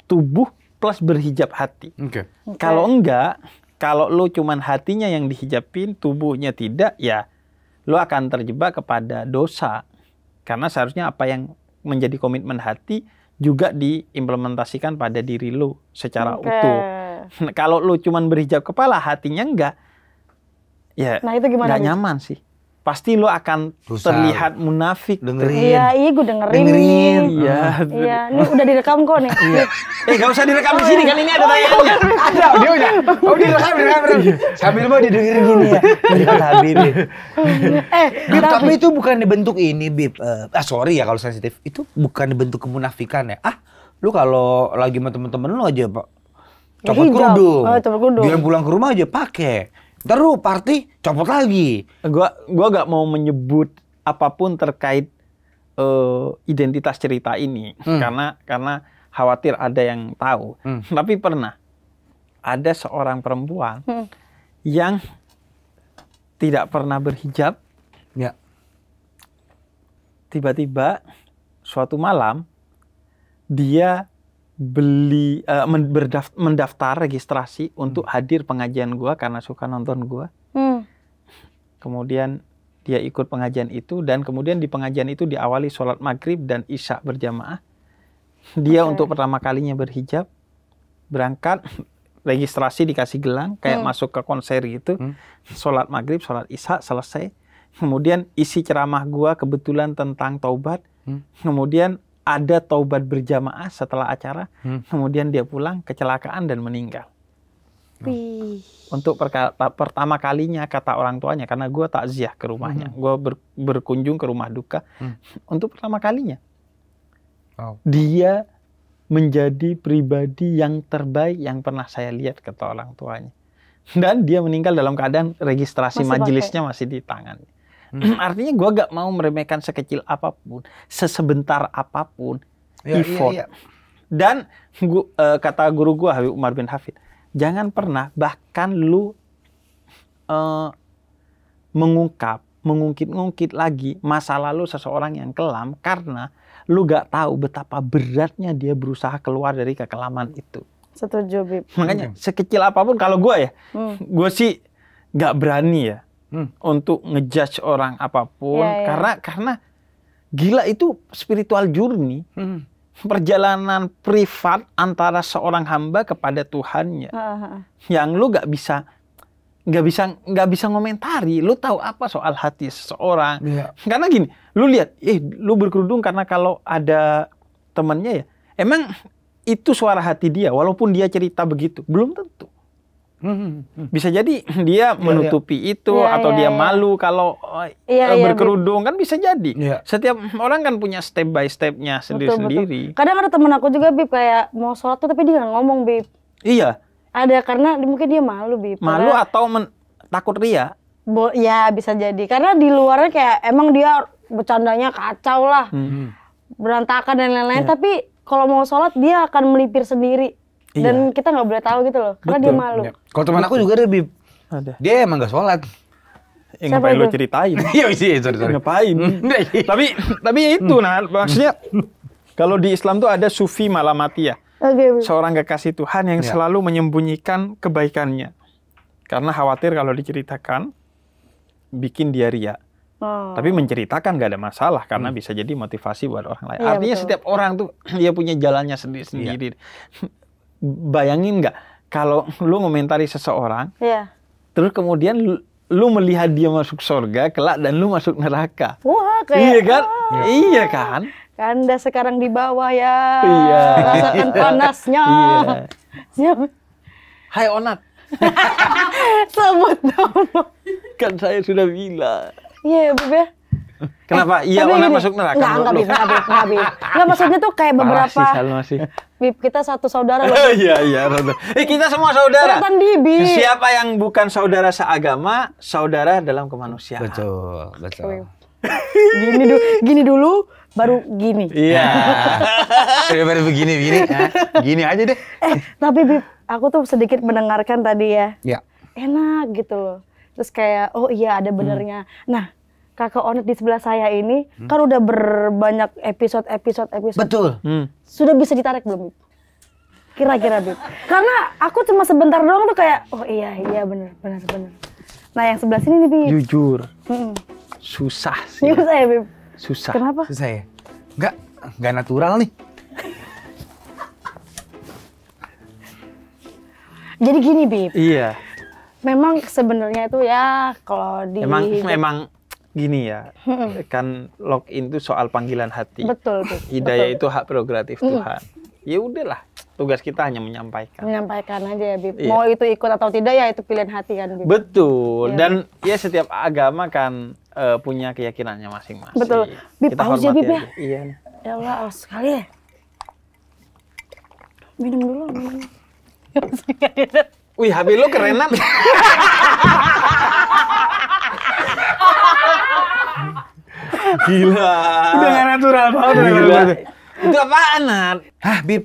tubuh plus berhijab hati. Okay. Okay. Kalau enggak, kalau lo cuman hatinya yang dihijabin, tubuhnya tidak, ya lo akan terjebak kepada dosa. Karena seharusnya apa yang menjadi komitmen hati juga diimplementasikan pada diri lo secara okay. utuh. Kalau lo cuman berhijab kepala, hatinya enggak, Ya, nah itu gimana? Gak nih? nyaman sih. Pasti lo akan Rusak. terlihat munafik. Dengerin. Iya, iya gue dengerin. Dengerin. Hmm. Ya. Iya. Iya, ini udah direkam kok nih. Iya. eh gak usah direkam di sini kan ini ada tayangnya ada audionya. Oh direkam, direkam, direkam. Iya. Sambil mau didengerin gini ya. Iya, iya. Eh, tapi Eh, Bip, tapi itu bukan dibentuk ini, Bib. Uh, ah sorry ya kalau sensitif. Itu bukan dibentuk kemunafikan ya. Ah, lu kalau lagi sama temen-temen lu aja, Pak. Copot kerudung. Oh, copot kerudung. Biar pulang ke rumah aja pakai. Terus party copot lagi. Gua gua gak mau menyebut apapun terkait uh, identitas cerita ini hmm. karena karena khawatir ada yang tahu. Hmm. Tapi pernah ada seorang perempuan hmm. yang tidak pernah berhijab. Ya. Tiba-tiba suatu malam dia beli uh, eh, mendaft mendaftar registrasi hmm. untuk hadir pengajian gua karena suka nonton gua. Hmm. Kemudian dia ikut pengajian itu dan kemudian di pengajian itu diawali sholat maghrib dan isya berjamaah. Dia okay. untuk pertama kalinya berhijab, berangkat, registrasi dikasih gelang kayak hmm. masuk ke konser gitu. Hmm. Sholat maghrib, sholat isya selesai. Kemudian isi ceramah gua kebetulan tentang taubat. Hmm. Kemudian ada taubat berjamaah setelah acara, hmm. kemudian dia pulang kecelakaan dan meninggal. Hmm. Wih. Untuk perka- pertama kalinya kata orang tuanya, karena gue takziah ke rumahnya, hmm. gue ber- berkunjung ke rumah duka, hmm. untuk pertama kalinya wow. dia menjadi pribadi yang terbaik yang pernah saya lihat kata orang tuanya, dan dia meninggal dalam keadaan registrasi masih majelisnya pakai. masih di tangannya. Hmm. Artinya gue gak mau meremehkan sekecil apapun, sesebentar apapun ya, effort. Iya, iya. Dan gua, uh, eh, kata guru gue Habib Umar bin Hafid, jangan pernah bahkan lu uh, mengungkap, mengungkit ungkit lagi masa lalu seseorang yang kelam karena lu gak tahu betapa beratnya dia berusaha keluar dari kekelaman itu. Setuju, Bib. Makanya hmm. sekecil apapun kalau gue ya, hmm. gue sih gak berani ya hmm. untuk ngejudge orang apapun yeah, yeah. karena karena gila itu spiritual journey hmm. perjalanan privat antara seorang hamba kepada Tuhannya uh-huh. yang lu gak bisa nggak bisa nggak bisa ngomentari lu tahu apa soal hati seseorang yeah. karena gini lu lihat eh lu berkerudung karena kalau ada temannya ya emang itu suara hati dia walaupun dia cerita begitu belum tentu Hmm, hmm, hmm. Bisa jadi dia iya, iya. menutupi ya, itu ya, atau ya, dia ya. malu kalau ya, berkerudung ya, kan bisa jadi. Ya. Setiap orang kan punya step by stepnya sendiri-sendiri. Kadang ada temen aku juga Bib kayak mau sholat tuh tapi dia nggak ngomong Bib. Iya. Ada karena mungkin dia malu Bib. Malu karena, atau men takut ria. Bo ya bisa jadi karena di luarnya kayak emang dia bercandanya kacau lah. Hmm. Berantakan dan lain-lain ya. tapi kalau mau sholat dia akan melipir sendiri Iya. dan kita nggak boleh tahu gitu loh karena Betul. dia malu ya. kalau teman aku juga lebih, bib ada dia emang nggak sholat ya, Siapa ngapain lo ceritain iya sih iya, sorry sorry ngapain hmm. iya, tapi tapi itu nah hmm. maksudnya kalau di Islam tuh ada sufi malam mati ya okay. seorang kekasih Tuhan yang ya. selalu menyembunyikan kebaikannya karena khawatir kalau diceritakan bikin dia ria. Oh. Tapi menceritakan gak ada masalah karena hmm. bisa jadi motivasi buat orang lain. Ya, Artinya betul. setiap orang tuh dia punya jalannya sendiri-sendiri. Ya. bayangin nggak kalau lu ngomentari seseorang, yeah. terus kemudian lu, melihat dia masuk surga kelak dan lu masuk neraka. Wah, kayak iya kan? Ah. Iya kan? Anda sekarang di bawah ya. Iya. Rasakan iya. panasnya. Iya. Siap. Hai Onat. Sebut nama. Kan saya sudah bilang. Iya, yeah, Beb. Kenapa? Eh, iya, Ona masuk neraka. Enggak, enggak, bisa, enggak, enggak, enggak, enggak, maksudnya tuh kayak beberapa masih, Bib, kita satu saudara loh. iya, iya, Eh, kita semua saudara. Sultan Bibi. Siapa yang bukan saudara seagama, saudara dalam kemanusiaan. Betul, betul. gini dulu, gini dulu baru gini. Iya. iya baru begini, begini. Gini aja deh. Eh, tapi Bip, aku tuh sedikit mendengarkan tadi ya. Iya. Enak gitu loh. Terus kayak, oh iya ada benernya. Hmm. Nah, kakak Onet di sebelah saya ini hmm. kan udah berbanyak episode episode episode. Betul. Hmm. Sudah bisa ditarik belum? Kira-kira Bib. Karena aku cuma sebentar doang tuh kayak oh iya iya bener bener bener. Nah yang sebelah sini nih Bib. Jujur. Hmm. Susah sih. Susah ya Bib. Susah. Kenapa? Susah ya. Enggak enggak natural nih. Jadi gini Bib. Iya. Memang sebenarnya itu ya kalau di Memang memang gini ya, hmm. kan login itu soal panggilan hati. Betul. betul. Hidayah itu hak prerogatif hmm. Tuhan. Ya udahlah, tugas kita hanya menyampaikan. Menyampaikan aja ya, Bib. Iya. Mau itu ikut atau tidak ya itu pilihan hati kan, Bib. Betul. Ya. Dan ya setiap agama kan uh, punya keyakinannya masing-masing. Betul. Bib, kita haus ya, Bib ya? Iya. Ya Allah, awas sekali ya. Minum dulu, minum. Wih, habis lu kerenan. Gila. Udah gak natural banget. Gila. Itu apaan, Nat? Hah, Bib?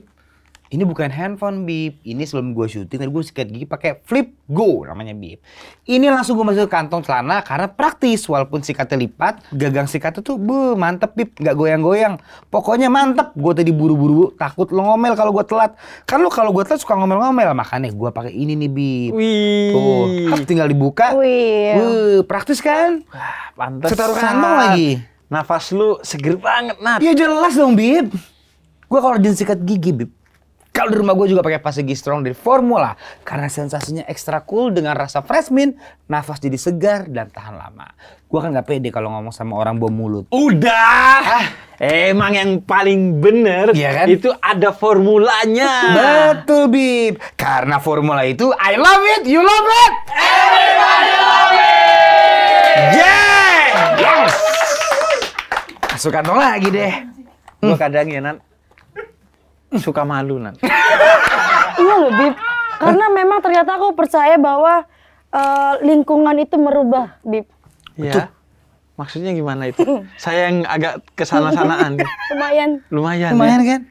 ini bukan handphone Bib. Ini sebelum gue syuting tadi gue sikat gigi pakai Flip Go namanya Bib. Ini langsung gue masuk ke kantong celana karena praktis walaupun sikatnya lipat, gagang sikatnya tuh be mantep Bib, nggak goyang-goyang. Pokoknya mantep. Gue tadi buru-buru takut lo ngomel kalau gue telat. Kan lo kalau gue telat suka ngomel-ngomel makanya gue pakai ini nih Bib. Wih. Tuh, hap, kan tinggal dibuka. Wih. Wih, praktis kan? Wah, mantep. Setaruh kantong lagi. Nafas lu seger banget, Nat. Ya jelas dong, Bib. Gue kalau jenis sikat gigi, Bib, kalau di rumah gue juga pakai gigi Strong dari Formula karena sensasinya ekstra cool dengan rasa fresh mint, nafas jadi segar dan tahan lama. Gue kan gak pede kalau ngomong sama orang bom mulut. Udah! Ah. Emang yang paling bener iya kan? itu ada formulanya. Betul, Bib. Karena formula itu I love it, you love it. Everybody love it. Yeah! Yes! Masukkan lagi deh. Gue kadang ya, Nan, suka malu nanti. iya loh, Bib. Karena memang ternyata aku percaya bahwa uh, lingkungan itu merubah, Bib. Iya. Maksudnya gimana itu? Saya yang agak kesana-sanaan. Lumayan. Lumayan. Lumayan ya? kan?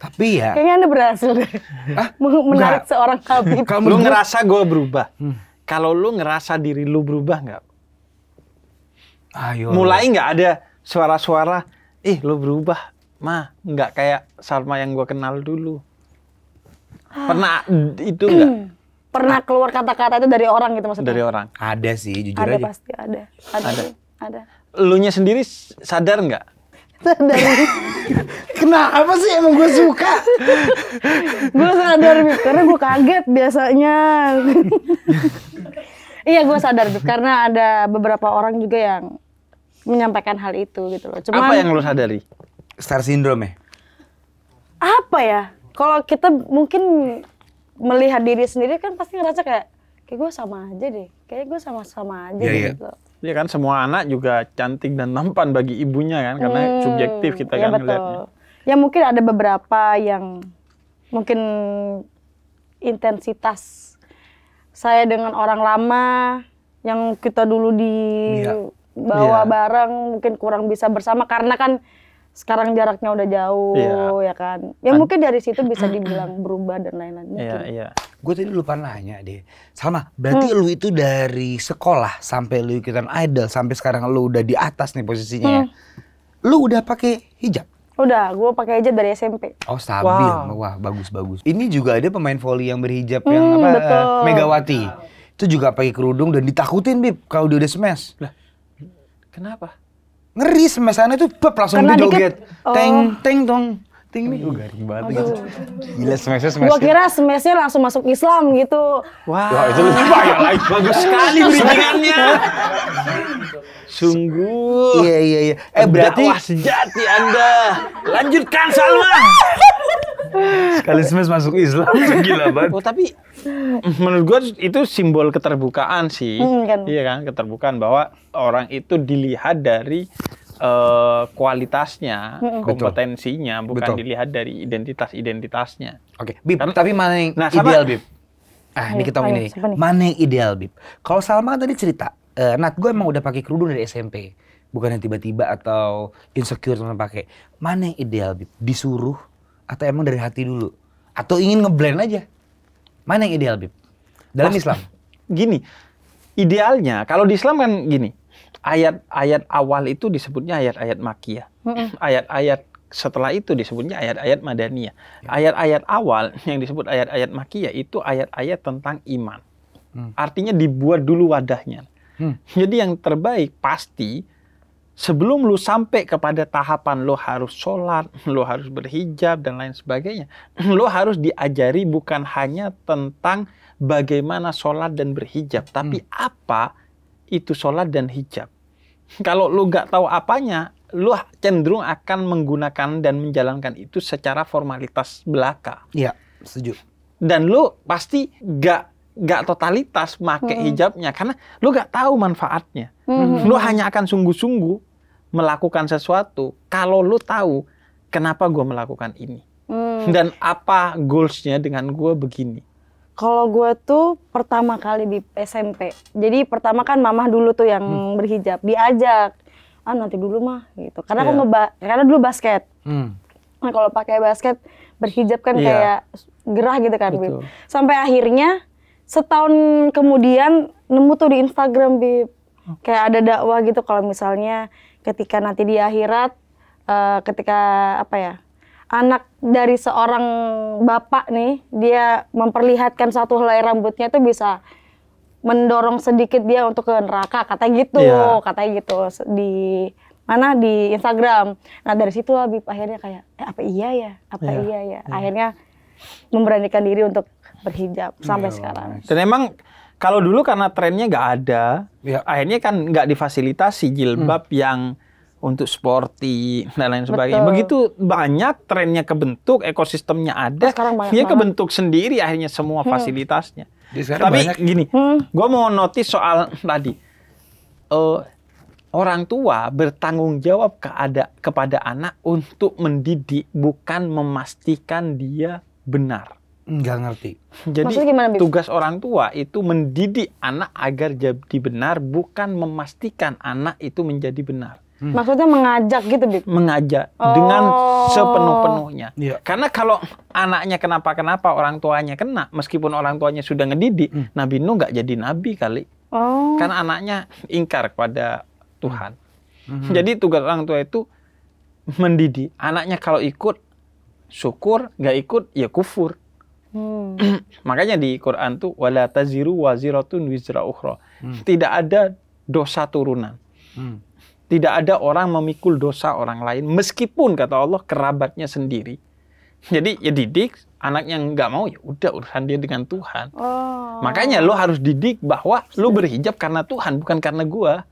Tapi ya. Kayaknya anda berhasil deh. Ah, Menarik enggak. seorang Habib. Kamu lu ngerasa gue berubah. Hmm. Kalau lu ngerasa diri lu berubah nggak? Ayo. Mulai nggak ada suara-suara, ih lu berubah. Ma, nggak kayak Salma yang gue kenal dulu. Ah. Pernah itu nggak? Pernah keluar kata-kata itu dari orang gitu maksudnya? Dari orang. Ada sih, jujur ada aja. Ada pasti, ada. Ada. Ada. ada. Lunya sendiri sadar nggak? Sadar. Kenapa sih emang gue suka? gue sadar, karena gue kaget biasanya. iya gue sadar, karena ada beberapa orang juga yang menyampaikan hal itu gitu loh. Cuman, Apa yang lo sadari? star syndrome ya? Apa ya? Kalau kita mungkin melihat diri sendiri kan pasti ngerasa kayak kayak gue sama aja deh. Kayak gue sama-sama aja yeah, iya, iya. gitu. Yeah. Iya kan semua anak juga cantik dan tampan bagi ibunya kan karena hmm, subjektif kita ya kan betul. ngeliatnya. Ya mungkin ada beberapa yang mungkin intensitas saya dengan orang lama yang kita dulu di ya. bawa ya. bareng mungkin kurang bisa bersama karena kan sekarang jaraknya udah jauh yeah. ya kan ya mungkin dari situ bisa dibilang berubah dan lain-lain Iya, yeah, yeah. gue tadi lupa nanya deh sama berarti hmm. lu itu dari sekolah sampai lu ikutan idol sampai sekarang lu udah di atas nih posisinya ya? hmm. lu udah pakai hijab Udah, gue pakai aja dari SMP. Oh stabil, wow. wah bagus bagus. Ini juga ada pemain volley yang berhijab hmm, yang apa? Eh, betul. Uh, Megawati. Itu juga pakai kerudung dan ditakutin bib kalau dia udah smash. Lah, kenapa? ngeri semesannya tuh bep langsung di joget. Teng oh. teng dong, ting nih gue garing banget gitu. Gila semesnya semesnya. Gua kira semesnya langsung masuk Islam gitu. Wah, wow. itu lebih banyak lagi. Bagus sekali berikannya. Sungguh. Iya iya iya. Eh berarti. sejati anda. Lanjutkan Salman. Sekali semes masuk Islam gila banget. Oh, tapi menurut gue itu simbol keterbukaan sih. Hmm, kan? Iya kan, keterbukaan bahwa orang itu dilihat dari uh, kualitasnya, hmm. kompetensinya, Betul. bukan Betul. dilihat dari identitas-identitasnya. Oke, okay. Bib, Karena, tapi mana yang nah, ideal, Bib? Ah, ini kita ini. Mana yang ideal, Bib? Kalau Salma tadi cerita, uh, Nat gue emang udah pakai kerudung dari SMP bukan yang tiba-tiba atau insecure teman pakai. Mana yang ideal, Bib? Disuruh atau emang dari hati dulu atau ingin ngeblend aja mana yang ideal bib dalam Mas, Islam gini idealnya kalau di Islam kan gini ayat-ayat awal itu disebutnya ayat-ayat makiyah ayat-ayat setelah itu disebutnya ayat-ayat madaniyah ya. ayat-ayat awal yang disebut ayat-ayat makiyah itu ayat-ayat tentang iman hmm. artinya dibuat dulu wadahnya hmm. jadi yang terbaik pasti sebelum lu sampai kepada tahapan lu harus sholat, lu harus berhijab dan lain sebagainya, lu harus diajari bukan hanya tentang bagaimana sholat dan berhijab, tapi hmm. apa itu sholat dan hijab. Kalau lu gak tahu apanya, lu cenderung akan menggunakan dan menjalankan itu secara formalitas belaka. Iya, setuju. Dan lu pasti gak nggak totalitas make hmm. hijabnya karena lu gak tahu manfaatnya. Hmm. Lu hanya akan sungguh-sungguh melakukan sesuatu kalau lu tahu kenapa gue melakukan ini hmm. dan apa goalsnya dengan gue begini kalau gue tuh pertama kali di SMP jadi pertama kan mamah dulu tuh yang hmm. berhijab diajak ah nanti dulu mah gitu karena yeah. aku iya. ngeba karena dulu basket hmm. nah kalau pakai basket berhijab kan yeah. kayak gerah gitu kan Bib. sampai akhirnya setahun kemudian nemu tuh di Instagram Bib oh. kayak ada dakwah gitu kalau misalnya ketika nanti di akhirat uh, ketika apa ya anak dari seorang bapak nih dia memperlihatkan satu helai rambutnya itu bisa mendorong sedikit dia untuk ke neraka kata gitu yeah. kata gitu di mana di Instagram nah dari situ Habib akhirnya kayak eh, apa iya ya apa yeah. iya ya yeah. akhirnya memberanikan diri untuk berhijab sampai yeah. sekarang dan emang kalau dulu karena trennya nggak ada, ya. akhirnya kan nggak difasilitasi jilbab hmm. yang untuk sporty dan lain sebagainya. Betul. Begitu banyak trennya kebentuk, ekosistemnya ada, nah, dia dia kebentuk sendiri akhirnya semua hmm. fasilitasnya. Tapi banyak. gini, hmm. gue mau notice soal tadi uh, orang tua bertanggung jawab keada kepada anak untuk mendidik, bukan memastikan dia benar. Nggak ngerti. Jadi gimana, tugas orang tua itu mendidik anak agar jadi benar, bukan memastikan anak itu menjadi benar. Hmm. Maksudnya mengajak gitu, Bib? Mengajak oh. dengan sepenuh-penuhnya. Ya. Karena kalau anaknya kenapa-kenapa, orang tuanya kena, meskipun orang tuanya sudah ngedidik, hmm. Nabi Nuh nggak jadi nabi kali. Oh. Karena anaknya ingkar kepada Tuhan. Hmm. Jadi tugas orang tua itu mendidik. Anaknya kalau ikut, syukur. Nggak ikut, ya kufur. Hmm. Makanya di Quran tuh wala taziru waziratun wizra ukhra. Hmm. Tidak ada dosa turunan. Hmm. Tidak ada orang memikul dosa orang lain meskipun kata Allah kerabatnya sendiri. Jadi ya didik anak yang nggak mau ya udah urusan dia dengan Tuhan. Oh. Makanya lo harus didik bahwa lo berhijab karena Tuhan bukan karena gua.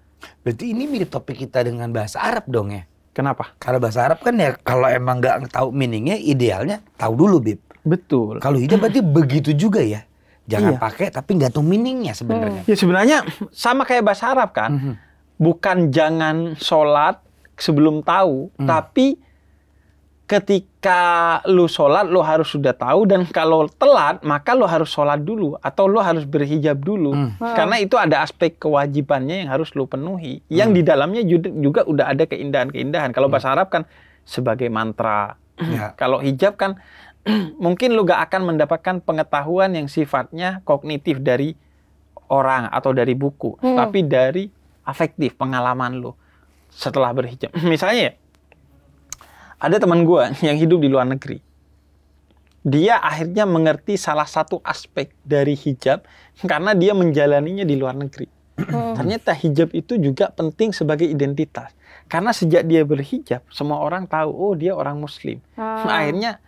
Berarti ini mirip topik kita dengan bahasa Arab dong ya. Kenapa? Karena bahasa Arab kan ya kalau emang nggak tahu meaningnya idealnya tahu dulu bib. Betul. Kalau hijab berarti begitu juga ya. Jangan iya. pakai tapi nggak tahu meaningnya sebenarnya. Hmm. Ya sebenarnya sama kayak bahasa Arab kan. -hmm. Bukan jangan sholat sebelum tahu, mm. tapi ketika lu sholat lu harus sudah tahu dan kalau telat maka lu harus sholat dulu atau lu harus berhijab dulu hmm. hmm. karena itu ada aspek kewajibannya yang harus lu penuhi hmm. yang di dalamnya juga udah ada keindahan-keindahan kalau hmm. bahasa Arab kan sebagai mantra ya. kalau hijab kan mungkin lu gak akan mendapatkan pengetahuan yang sifatnya kognitif dari orang atau dari buku, hmm. tapi dari afektif pengalaman lu setelah berhijab. Misalnya, ya, ada teman gue yang hidup di luar negeri. Dia akhirnya mengerti salah satu aspek dari hijab karena dia menjalaninya di luar negeri. Hmm. Ternyata hijab itu juga penting sebagai identitas. Karena sejak dia berhijab, semua orang tahu, oh dia orang muslim. Hmm. Akhirnya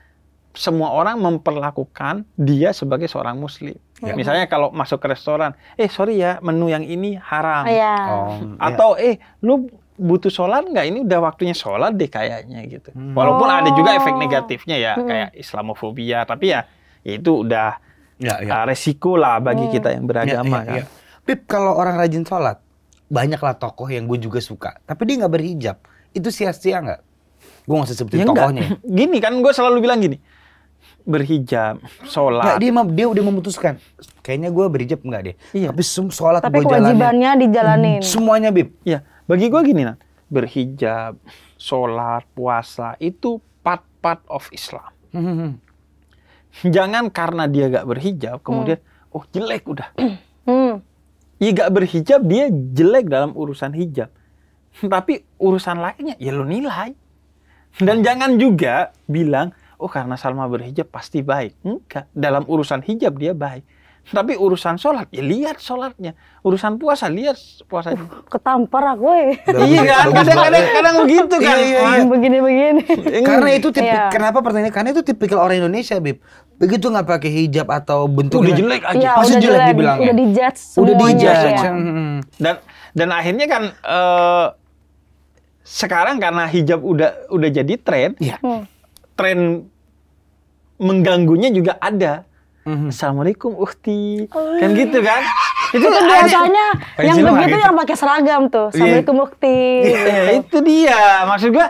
semua orang memperlakukan dia sebagai seorang muslim. Ya. Misalnya kalau masuk ke restoran, eh sorry ya menu yang ini haram. ya. oh, iya. oh iya. Atau ya. eh lu butuh sholat nggak? Ini udah waktunya sholat deh kayaknya gitu. Hmm. Walaupun oh. ada juga efek negatifnya ya hmm. kayak Islamofobia, tapi ya, ya itu udah ya, ya. Uh, resiko lah bagi hmm. kita yang beragama. Ya, ya, kan? Ya. Pip kalau orang rajin sholat, banyaklah tokoh yang gue juga suka, tapi dia nggak berhijab. Itu sia-sia nggak? Gue nggak usah sebutin ya tokohnya. Gini kan gue selalu bilang gini, berhijab, sholat. Nggak, dia dia udah memutuskan. Kayaknya gue berhijab enggak deh. Iya. Tapi sholat Tapi gue jalanin. kewajibannya hmm, dijalanin. Semuanya bib. Iya. Bagi gue gini nah, berhijab, sholat, puasa itu part-part of Islam. Hmm. hmm, hmm. Jangan karena dia gak berhijab kemudian hmm. oh jelek udah. Hmm. Ya gak berhijab dia jelek dalam urusan hijab. Tapi urusan lainnya ya lo nilai. Dan jangan juga bilang oh karena Salma berhijab pasti baik. Enggak. Dalam urusan hijab dia baik. Tapi urusan sholat, ya lihat sholatnya. Urusan puasa, lihat puasanya. Uh, ketampar aku ya. Iya kan, kadang-kadang begitu kan. Iya, iya. iya. Begini-begini. Iya. Karena itu, tipi, iya. kenapa pertanyaan? Karena itu tipikal orang Indonesia, Bib. Begitu nggak pakai hijab atau bentuk udah jelek aja. Ya, Pasti jelek, jelek dibilang. Udah dijudge Udah dijudge. Ya. Dan, dan akhirnya kan... Uh, sekarang karena hijab udah udah jadi tren, Iya. hmm. tren mengganggunya juga ada. Mm-hmm. Assalamualaikum uhti Oh, kan gitu kan? Itu, kan biasanya yang begitu gitu. yang pakai seragam tuh. Iya. Assalamualaikum yeah. Uhti. Yeah, gitu. itu dia. Maksud gua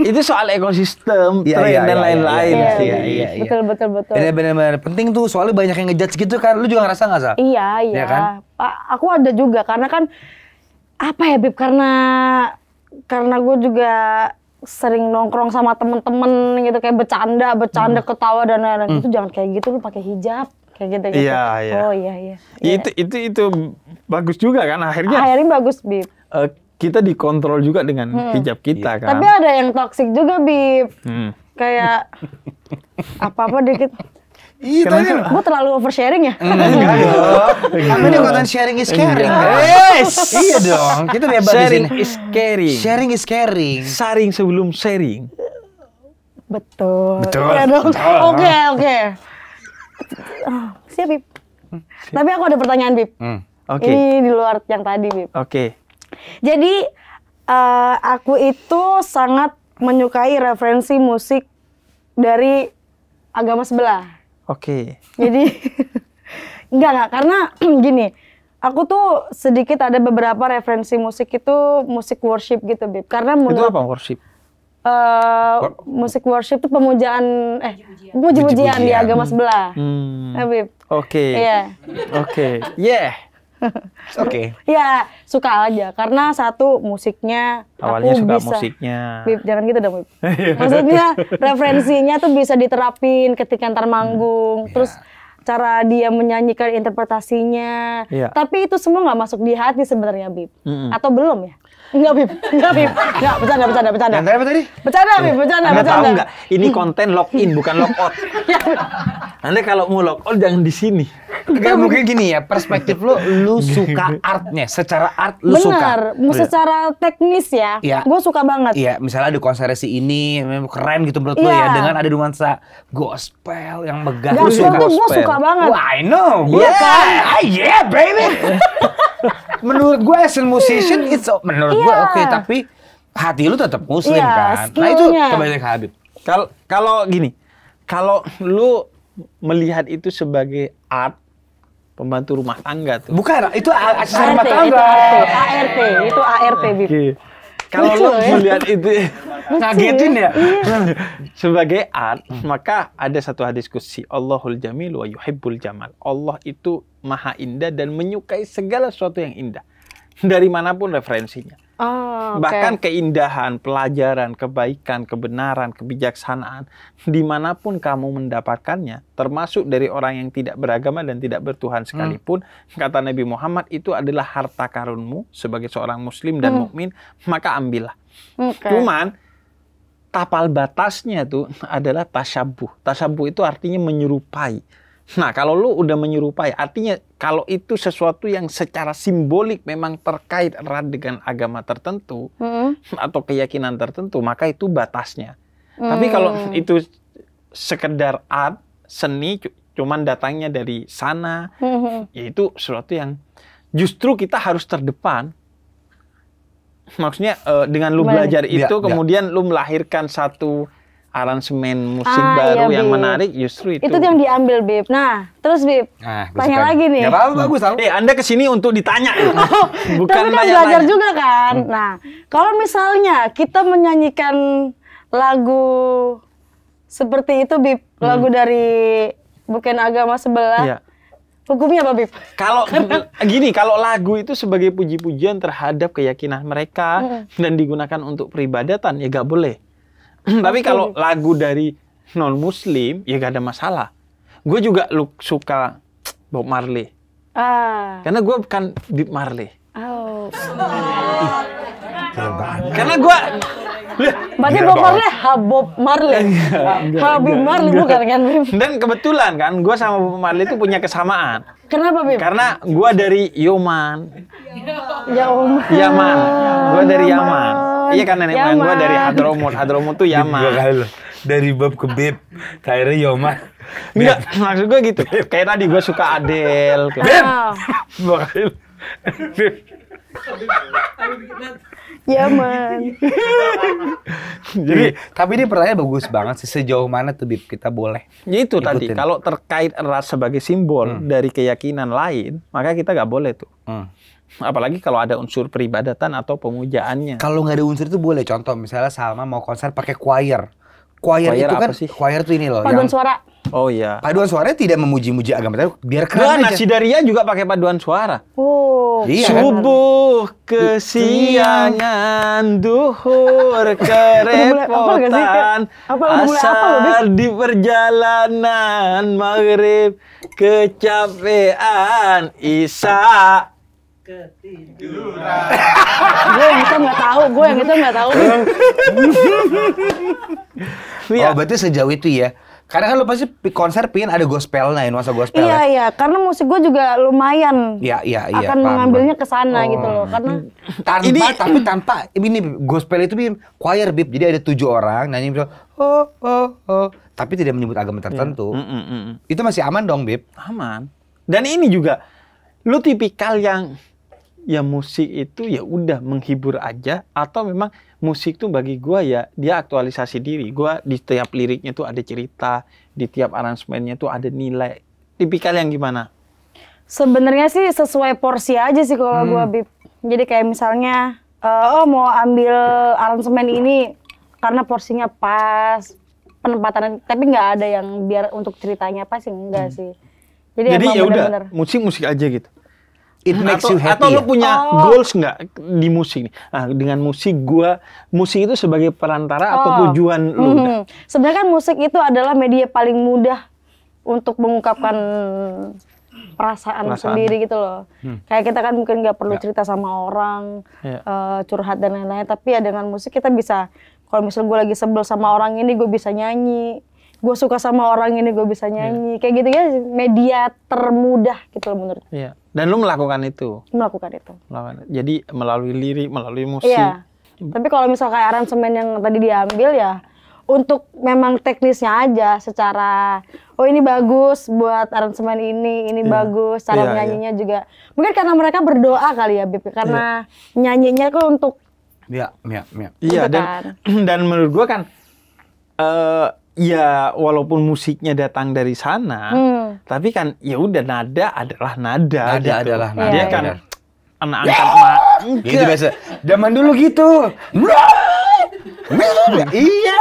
itu soal ekosistem, yeah, tren yeah, dan iya, iya, lain-lain. Iya, iya, iya. Betul, betul, betul. benar-benar penting tuh soalnya banyak yang ngejudge gitu kan. Lu juga ngerasa nggak, Sa? Iya, iya. Ya kan? Aku ada juga karena kan apa ya, Bib? Karena karena gue juga sering nongkrong sama temen-temen gitu kayak bercanda bercanda hmm. ketawa dan lain-lain hmm. itu jangan kayak gitu lu pakai hijab kayak gitu gitu iya, iya. oh iya iya ya, itu itu itu bagus juga kan akhirnya akhirnya bagus bib uh, kita dikontrol juga dengan hmm. hijab kita kan tapi ada yang toksik juga bib hmm. kayak apa apa dikit Iya tadi kan, gue terlalu sharing ya. Enggak dong. Namanya konten sharing is caring. Iya. Yes. iya dong. Kita bebas sharing di sini. Sharing is caring. Sharing is caring. Saring sebelum sharing. Betul. Betul. Iya dong. Oke oke. Siap Bib. Tapi aku ada pertanyaan Bib. Hmm. Oke. Ini di luar yang tadi Bib. Oke. Jadi eh, aku itu sangat menyukai referensi musik dari agama sebelah. Oke. Okay. Jadi enggak enggak karena gini, aku tuh sedikit ada beberapa referensi musik itu musik worship gitu, Bib. Karena menurut Itu apa worship? Uh, musik worship itu pemujaan eh puji-pujian di agama sebelah. Hmm. Habib. Eh, Oke. Iya. Okay. Yeah. Oke. Okay. Yeah. Oke. okay. ya suka aja karena satu musiknya awalnya aku suka bisa. musiknya. Bip, jangan gitu dong. Iya, Maksudnya referensinya tuh bisa diterapin ketika ntar hmm, manggung, hmm, terus yeah. cara dia menyanyikan interpretasinya. Yeah. Tapi itu semua nggak masuk di hati sebenarnya Bib. Mm -hmm. Atau belum ya? Enggak, Bib. Enggak, Bib. Enggak, bercanda, bercanda, bercanda. Yang apa tadi? Bercanda, Bib. Bercanda, Anda bercanda. Tahu enggak? Ini konten login, bukan logout. out. Nanti kalau mau logout out jangan di sini. Enggak mungkin gini ya, perspektif lo, lu suka artnya, secara art lu Bener, suka. Benar, iya. secara teknis ya. Iya. Gue suka banget. Iya, misalnya di konser si ini keren gitu menurut ya. lo ya dengan ada nuansa gospel yang megah. Gospel, suka. tuh gue suka banget. Well, I know. Iya yeah, kan? Ah, yeah, baby. menurut gue as a musician it's menurut yeah. gue iya. oke okay, tapi hati lu tetap muslim yeah, kan. Nah itu kembali ke Habib. Kalau kalau gini, kalau lu melihat itu sebagai art pembantu rumah tangga tuh. Bukan, itu art rumah tangga. Itu ART, itu ART, itu ART Okay kalau lo ya. melihat itu ngagetin ya. ya sebagai art hmm. maka ada satu hadis kursi Allahul Jamil wa yuhibbul jamal Allah itu maha indah dan menyukai segala sesuatu yang indah dari manapun referensinya Oh, okay. Bahkan keindahan, pelajaran, kebaikan, kebenaran, kebijaksanaan, dimanapun kamu mendapatkannya, termasuk dari orang yang tidak beragama dan tidak bertuhan hmm. sekalipun, hmm. kata Nabi Muhammad itu adalah harta karunmu sebagai seorang Muslim dan hmm. mukmin, maka ambillah. Okay. Cuman tapal batasnya itu adalah tasabuh. Tasabuh itu artinya menyerupai Nah, kalau lu udah menyerupai, artinya kalau itu sesuatu yang secara simbolik memang terkait erat dengan agama tertentu mm. atau keyakinan tertentu, maka itu batasnya. Mm. Tapi kalau itu sekedar art, seni, cuman datangnya dari sana, mm. ya itu sesuatu yang justru kita harus terdepan. Maksudnya eh, dengan lu belajar iya, itu, iya. kemudian lu melahirkan satu aransemen musik ah, baru iya, yang Bip. menarik justru itu. Itu yang diambil Bib. Nah, terus Bib, nah, tanya lagi nih. Ya apa-apa, bagus. Eh, Anda Anda kesini untuk ditanya. Bukan Tapi kan belajar juga kan. Hmm. Nah, kalau misalnya kita menyanyikan lagu seperti itu Bib, hmm. lagu dari Bukan Agama Sebelah. Ya. Hukumnya apa, Bib? Kalau gini, kalau lagu itu sebagai puji-pujian terhadap keyakinan mereka hmm. dan digunakan untuk peribadatan, ya gak boleh Tapi kalau lagu dari non muslim ya gak ada masalah. Gue juga lu suka Bob Marley. Ah. Karena gue bukan Bob Marley. Oh. Karena gue iya. Berarti Bob Marley Habob Marley. Habib Marley bukan kan, Bim? Dan kebetulan kan gue sama Bob Marley itu punya kesamaan. Kenapa, Bim? Karena gue dari Yaman, Yaman. Yaman. Gue dari Yaman. Iya, iya kan nenek moyang gue dari Hadromut. Hadromut tuh Yaman. Dari bab ke bib. Akhirnya Yaman. Enggak, maksud gue gitu. Kayak tadi gue suka Adel. Adele. Beb! Yaman. Jadi tapi ini pertanyaan bagus banget sih sejauh mana tuh Bib kita boleh. Ya itu ikutin. tadi kalau terkait erat sebagai simbol hmm. dari keyakinan lain, maka kita nggak boleh tuh. Hmm. Apalagi kalau ada unsur peribadatan atau pemujaannya. Kalau nggak ada unsur itu boleh. Contoh misalnya Salma mau konser pakai choir. Choir, choir itu kan sih? choir tuh ini loh. Paduan yang, suara. Oh iya. Paduan suaranya tidak memuji-muji agama, tapi biar keren nah, aja. Nasidaria juga pakai paduan suara. Oh. Iya, kan? Subuh kan? kesiangan, duhur kerepotan, asar di perjalanan, maghrib kecapean, isa ketiduran. gue yang itu nggak tahu, gue yang itu nggak tahu. oh, berarti sejauh itu ya. Karena kan lo pasti konser pin ada gospel ya, masa gospel. Iya iya, karena musik gue juga lumayan. Iya iya iya. Akan paham, mengambilnya ke sana oh. gitu loh, karena tanpa ini, tapi tanpa ini gospel itu bim choir bib, jadi ada tujuh orang nyanyi oh oh oh, tapi tidak menyebut agama tertentu. Iya. Mm, mm -mm, mm. Itu masih aman dong bib. Aman. Dan ini juga, lu tipikal yang ya musik itu ya udah menghibur aja atau memang musik tuh bagi gua ya dia aktualisasi diri Gua di tiap liriknya tuh ada cerita di tiap aransemennya tuh ada nilai tipikal yang gimana sebenarnya sih sesuai porsi aja sih kalau hmm. gue bib jadi kayak misalnya uh, oh mau ambil aransemen ini karena porsinya pas penempatan tapi nggak ada yang biar untuk ceritanya pas sih ya enggak hmm. sih jadi, jadi ya udah musik musik aja gitu It makes you happy. Atau lu punya oh. goals nggak di musik nih? Nah, dengan musik gue, musik itu sebagai perantara oh. atau tujuan lu. Hmm. Sebenarnya kan musik itu adalah media paling mudah untuk mengungkapkan perasaan, perasaan. sendiri gitu loh. Hmm. Kayak kita kan mungkin nggak perlu ya. cerita sama orang, ya. uh, curhat dan lain-lain, tapi ya dengan musik kita bisa kalau misalnya gue lagi sebel sama orang ini gue bisa nyanyi gue suka sama orang ini gue bisa ya. nyanyi Ya. kayak gitu ya media termudah gitu loh menurut Ya. Dan lu melakukan itu? Melakukan itu. Melakukan. Jadi melalui lirik, melalui musik. Iya. Tapi kalau misalnya kayak aransemen yang tadi diambil ya untuk memang teknisnya aja secara oh ini bagus buat aransemen ini, ini yeah. bagus cara yeah, iya, iya. nyanyinya yeah. juga. Mungkin karena mereka berdoa kali ya, Bip. Karena yeah. nyanyinya kok untuk Iya, iya, iya. Iya gitu dan kan. dan menurut gua kan uh, ya walaupun musiknya datang dari sana, hmm. tapi kan ya udah nada adalah nada. Nada gitu. adalah nada. Iya, Dia iya. kan anak angkat ya. mak. Gitu biasa. Zaman dulu gitu. iya.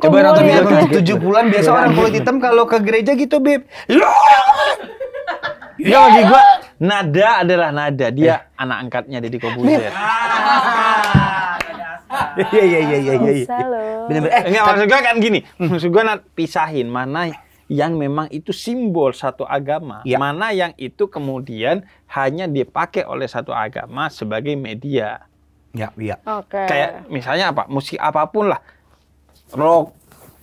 Coba nonton film gitu. tujuh bulan biasa orang kulit iya. hitam kalau ke gereja gitu, Bib. Ya lagi gua nada adalah nada. Dia eh. anak angkatnya Deddy Kobuzer. Iya iya iya iya iya. Bisa iya. loh. Bener -bener. Eh, nggak maksud gue kan gini, maksud gue nak pisahin mana yang memang itu simbol satu agama, ya. mana yang itu kemudian hanya dipakai oleh satu agama sebagai media. Ya, iya. Oke. Okay. Kayak misalnya apa? Musik apapun lah. Rock,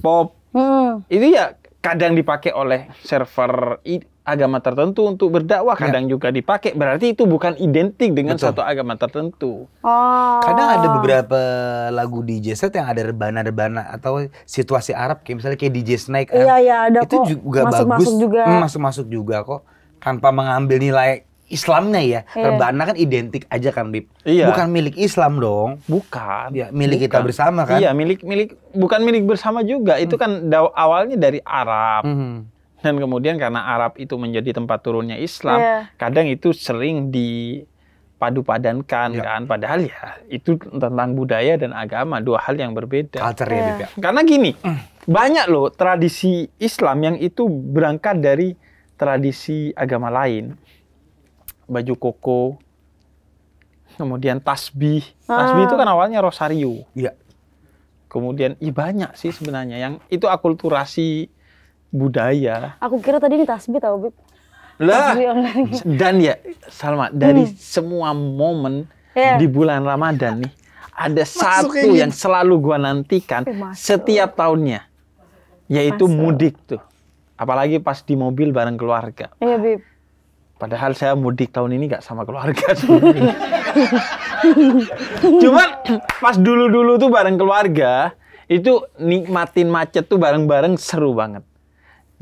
pop. Hmm. Itu ya kadang dipakai oleh server agama tertentu untuk berdakwah ya. kadang juga dipakai berarti itu bukan identik dengan Betul. satu agama tertentu. Oh. Kadang ada beberapa lagu DJ set yang ada rebana-rebana atau situasi Arab kayak misalnya kayak DJ Snake kan? iya, iya, ada itu kok. juga masuk, bagus masuk mm, masuk-masuk juga kok tanpa mengambil nilai Islamnya ya. Yeah. Rebana kan identik aja kan, Bib. Iya. Bukan milik Islam dong. Bukan. Ya, milik bukan. kita bersama kan. Iya, milik milik bukan milik bersama juga. Hmm. Itu mm. kan awalnya dari Arab. Hmm dan kemudian karena Arab itu menjadi tempat turunnya Islam, yeah. kadang itu sering dipadu-padankan yeah. kan, padahal ya itu tentang budaya dan agama dua hal yang berbeda. Culture yeah. ya, iya. Karena gini, hmm. banyak loh tradisi Islam yang itu berangkat dari tradisi agama lain, baju koko, kemudian tasbih, tasbih itu ah. kan awalnya rosario. Iya. Kemudian, iya banyak sih sebenarnya yang itu akulturasi budaya. Aku kira tadi ini tasbih tau, Bib. Lah, dan ya Salma, dari hmm. semua momen yeah. di bulan Ramadan nih, ada Masuk satu ini. yang selalu gua nantikan eh, Masuk. setiap tahunnya, yaitu Masuk. mudik tuh. Apalagi pas di mobil bareng keluarga. Iya, yeah, Bib. Padahal saya mudik tahun ini gak sama keluarga. Cuman pas dulu-dulu tuh bareng keluarga, itu nikmatin macet tuh bareng-bareng seru banget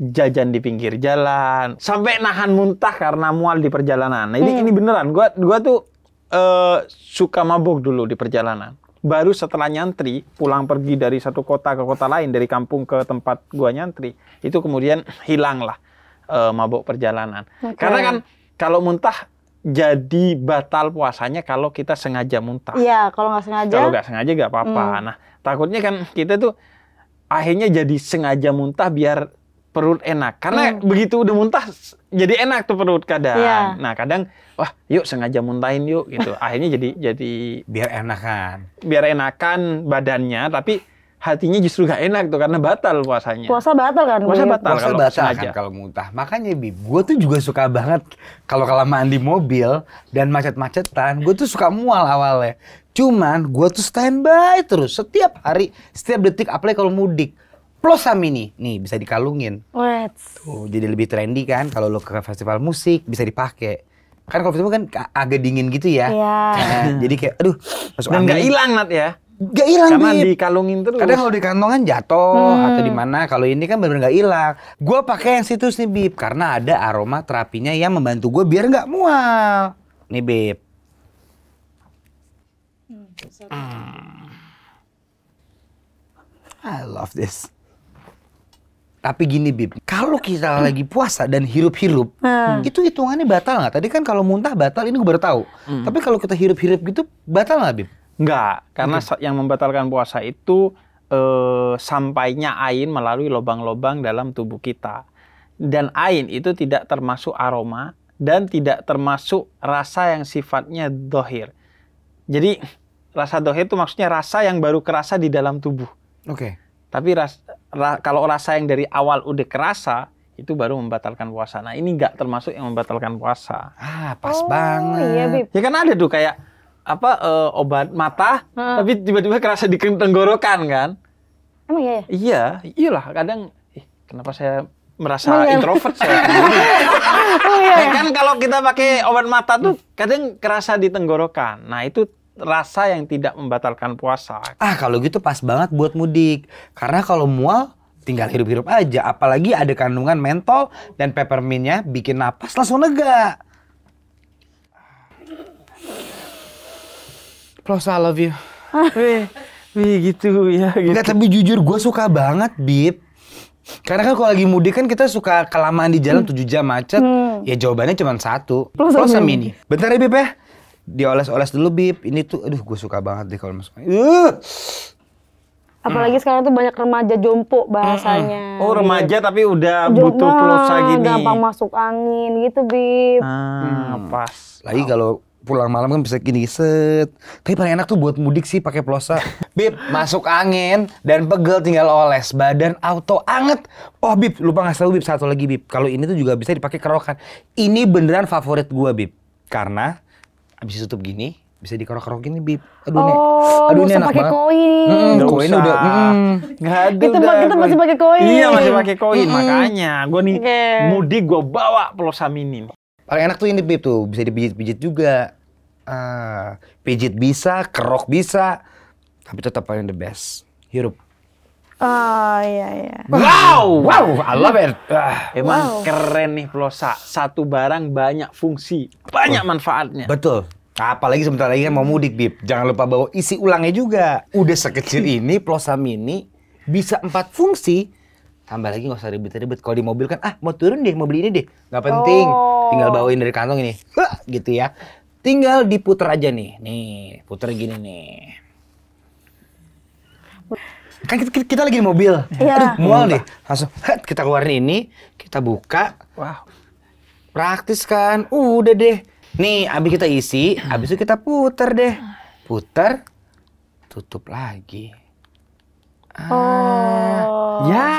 jajan di pinggir jalan, sampai nahan muntah karena mual di perjalanan. Nah, ini hmm. ini beneran. Gua gua tuh uh, suka mabuk dulu di perjalanan. Baru setelah nyantri, pulang pergi dari satu kota ke kota lain, dari kampung ke tempat gua nyantri, itu kemudian hilanglah uh, mabuk perjalanan. Okay. Karena kan kalau muntah jadi batal puasanya kalau kita sengaja muntah. Iya, kalau nggak sengaja. Kalau nggak sengaja nggak apa-apa. Hmm. Nah, takutnya kan kita tuh akhirnya jadi sengaja muntah biar perut enak karena hmm. begitu udah muntah jadi enak tuh perut kadang yeah. nah kadang wah yuk sengaja muntahin yuk gitu akhirnya jadi jadi biar enakan biar enakan badannya tapi hatinya justru gak enak tuh karena batal puasanya puasa batal kan puasa iya. batal puasa kalau batal sengaja. kan kalau muntah makanya bib gue tuh juga suka banget kalau kelamaan di mobil dan macet-macetan gue tuh suka mual awalnya cuman gue tuh standby terus setiap hari setiap detik apalagi kalau mudik plus mini Nih bisa dikalungin. What? Tuh, jadi lebih trendy kan kalau lo ke festival musik bisa dipakai. Kan kalau festival kan agak dingin gitu ya. Iya. Yeah. jadi kayak aduh masuk Dan nggak hilang Nat ya. Gak hilang Karena Bip. dikalungin terus. Kadang kalau di kantong kan jatuh hmm. atau di mana. Kalau ini kan benar-benar gak hilang. Gua pakai yang situs nih Bib karena ada aroma terapinya yang membantu gue biar nggak mual. Nih Bib. Hmm, hmm. I love this. Tapi gini Bib, kalau kita hmm. lagi puasa dan hirup-hirup, hmm. itu hitungannya batal nggak? Tadi kan kalau muntah batal, ini gue baru tahu. Hmm. Tapi kalau kita hirup-hirup gitu, batal nggak Bib? Nggak, karena hmm. yang membatalkan puasa itu e, sampainya ain melalui lubang-lubang dalam tubuh kita. Dan ain itu tidak termasuk aroma dan tidak termasuk rasa yang sifatnya dohir. Jadi rasa dohir itu maksudnya rasa yang baru kerasa di dalam tubuh. Oke. Okay. Tapi ras, ra, kalau rasa yang dari awal udah kerasa itu baru membatalkan puasa. Nah ini nggak termasuk yang membatalkan puasa. Ah pas oh, banget. Iya, ya kan ada tuh kayak apa uh, obat mata, hmm. tapi tiba-tiba kerasa di tenggorokan kan? Emang iya. Ya? Iya, iyalah kadang. Eh, kenapa saya merasa oh, iya. introvert saya? oh, iya. Ya kan kalau kita pakai obat mata tuh kadang kerasa di tenggorokan. Nah itu rasa yang tidak membatalkan puasa. Ah, kalau gitu pas banget buat mudik. Karena kalau mual tinggal hirup-hirup aja, apalagi ada kandungan mentol dan peppermintnya bikin napas langsung lega. Plus I love you. Ah. Wih, wih gitu ya gitu. Enggak, tapi jujur gue suka banget, Bib. Karena kan kalau lagi mudik kan kita suka kelamaan di jalan hmm. 7 jam macet. Hmm. Ya jawabannya cuma satu. Plus, Plus mini. Bentar ya Bib ya dioles-oles dulu bib ini tuh aduh gue suka banget deh kalau masuk uh. apalagi mm. sekarang tuh banyak remaja jompo bahasanya oh remaja bib. tapi udah butuh nah, pulsa gini gampang masuk angin gitu bib ah, hmm. pas lagi kalau pulang malam kan bisa gini set. Tapi paling enak tuh buat mudik sih pakai plosa. Bib, masuk angin dan pegel tinggal oles. Badan auto anget. Oh Bib, lupa ngasih tau Bib satu lagi Bib. Kalau ini tuh juga bisa dipakai kerokan. Ini beneran favorit gua Bib. Karena habis tutup gini bisa dikerok-kerokin nih bib. Aduh, oh, aduh nih enak pakai koin. Hmm, koin udah hmm. nggak ada. Kita, udah, kita masih pakai koin. Iya, masih pakai koin. Hmm. Makanya gue nih okay. mudik gue bawa pulsa mini. Paling enak tuh ini bib tuh, bisa dipijit-pijit juga. Uh, pijit bisa, kerok bisa, tapi tetap paling the best. Hirup. Oh iya iya. Wow, wow, I love it. Uh, Emang wow. keren nih plosa. Satu barang banyak fungsi, banyak manfaatnya. Betul. Apalagi sebentar lagi kan mau mudik, Bib. Jangan lupa bawa isi ulangnya juga. Udah sekecil ini, plosa mini bisa empat fungsi. Tambah lagi nggak usah ribet-ribet. Kalau di mobil kan, ah mau turun deh, mau beli ini deh. Nggak penting. Oh. Tinggal bawain dari kantong ini. Hah, gitu ya. Tinggal diputar aja nih. Nih, putar gini nih kan kita, kita lagi di mobil. yeah. Aduh, iya. mual nih. Langsung kita keluarin ini, kita buka. Wow. Praktis kan? Uh, udah deh. Nih, abis kita isi, abis itu kita puter deh. Puter, tutup lagi. Ah, oh. Ya.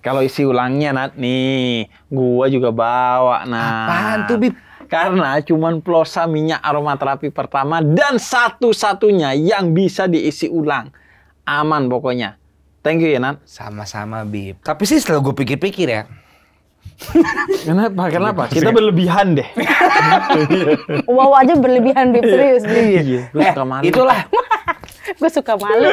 Kalau isi ulangnya Nat nih, gua juga bawa nah. Apaan tuh, Bib? Karena cuman plosa minyak aromaterapi pertama dan satu-satunya yang bisa diisi ulang aman pokoknya. Thank you ya Nan. Sama-sama Bib. Tapi sih setelah gue pikir-pikir ya. kenapa? Kenapa? Kita berlebihan deh. wow aja berlebihan Bib iya. serius. Iya. Gue eh, suka malu. Itulah. gue suka malu.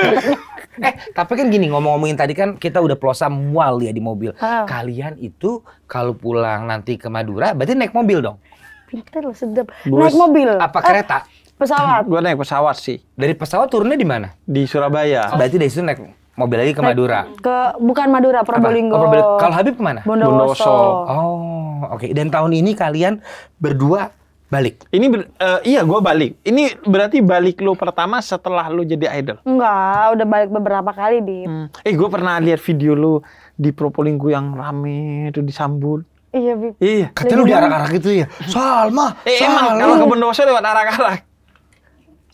eh tapi kan gini ngomong-ngomongin tadi kan kita udah pelosa mual ya di mobil. Kalian itu kalau pulang nanti ke Madura berarti naik mobil dong. pintar loh sedap. Naik mobil. Apa kereta? Eh, pesawat. Gue naik pesawat sih. Dari pesawat turunnya di mana? Di Surabaya. Oh. Berarti dari situ naik mobil lagi ke naik Madura. Ke bukan Madura, Probolinggo. Oh, Kalau Habib kemana? Bondowoso. Oh, oke. Okay. Dan tahun ini kalian berdua balik. Ini ber, uh, iya gue balik. Ini berarti balik lu pertama setelah lu jadi idol. Enggak, udah balik beberapa kali di. Hmm. Eh gue pernah lihat video lu di Probolinggo yang rame itu disambut. Iya, Bib. Iya. Katanya lu diarak-arak gitu ya. Salma, eh, Salma. Emang kalau ke Bondowoso lewat arak-arak.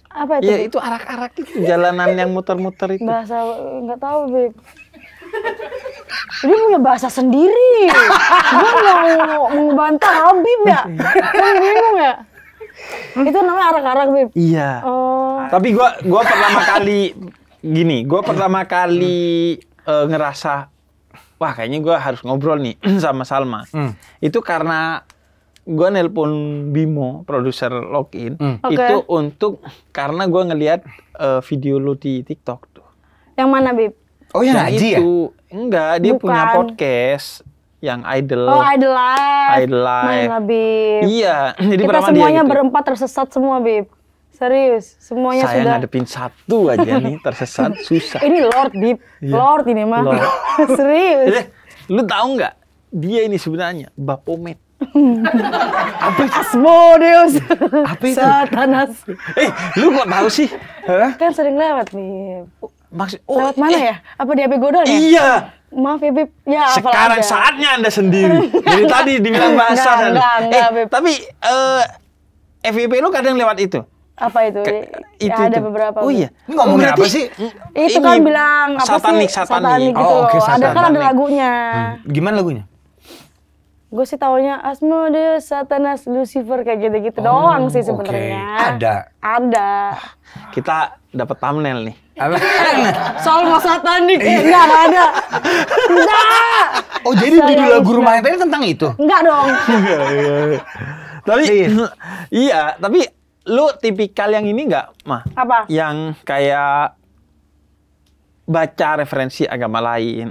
Apa itu? Ya itu arak-arak itu jalanan yang muter-muter itu. Bahasa nggak tahu, Beb. Dia punya bahasa sendiri. Gue mau membantah Habib ya. Iya. kamu bingung ya. Itu namanya arak-arak, Bib. Iya. Oh. Tapi gua gua pertama kali gini, gua pertama kali uh, ngerasa wah kayaknya gua harus ngobrol nih sama Salma. Hmm. Itu karena gue nelpon Bimo produser login hmm. okay. itu untuk karena gue ngeliat uh, video lu di TikTok tuh. Yang mana Bib? Oh yang nah, itu ya? enggak dia Bukan. punya podcast yang idol. Oh idol live. Idol live. Iya jadi kita semuanya dia gitu. berempat tersesat semua Bib. Serius, semuanya Saya sudah. Saya ngadepin satu aja nih, tersesat, susah. ini Lord Bib yeah. Lord ini mah. Lord. Serius. Jadi, eh, lu tahu nggak? Dia ini sebenarnya Bapomet. Apa itu? Asmodeus. Apa itu? Satanas. Eh, lu kok tahu sih? Hah? Kan sering lewat nih. Maksud, oh, lewat mana eh, ya? Apa di HP Godol ya? Iya. Maaf ya, Ya, Sekarang saatnya Anda sendiri. Jadi tadi dibilang bahasa. Enggak, enggak, enggak, eh, Tapi uh, eh, FYP lu kadang lewat itu? apa itu? Ke, ya, itu ada itu. beberapa. Oh iya. Ini ngomongin Berarti, apa sih? Itu kan bilang apa satanik, sih? Satanik, satanik. Satanik gitu. Oh, okay, satanik. Ada kan ada lagunya. Hmm. Gimana lagunya? Gue sih taunya Asmodeus, Satanas, Lucifer kayak gitu-gitu oh, doang sih sebenarnya. Okay. Ada. Ada. Ah, kita dapat thumbnail nih. Soal mau satanik eh, enggak ada. Enggak. Oh, jadi judul lagu rumah tadi tentang itu? Enggak dong. Iya, iya, iya. tapi iya, tapi lu tipikal yang ini enggak, mah? Apa? Yang kayak baca referensi agama lain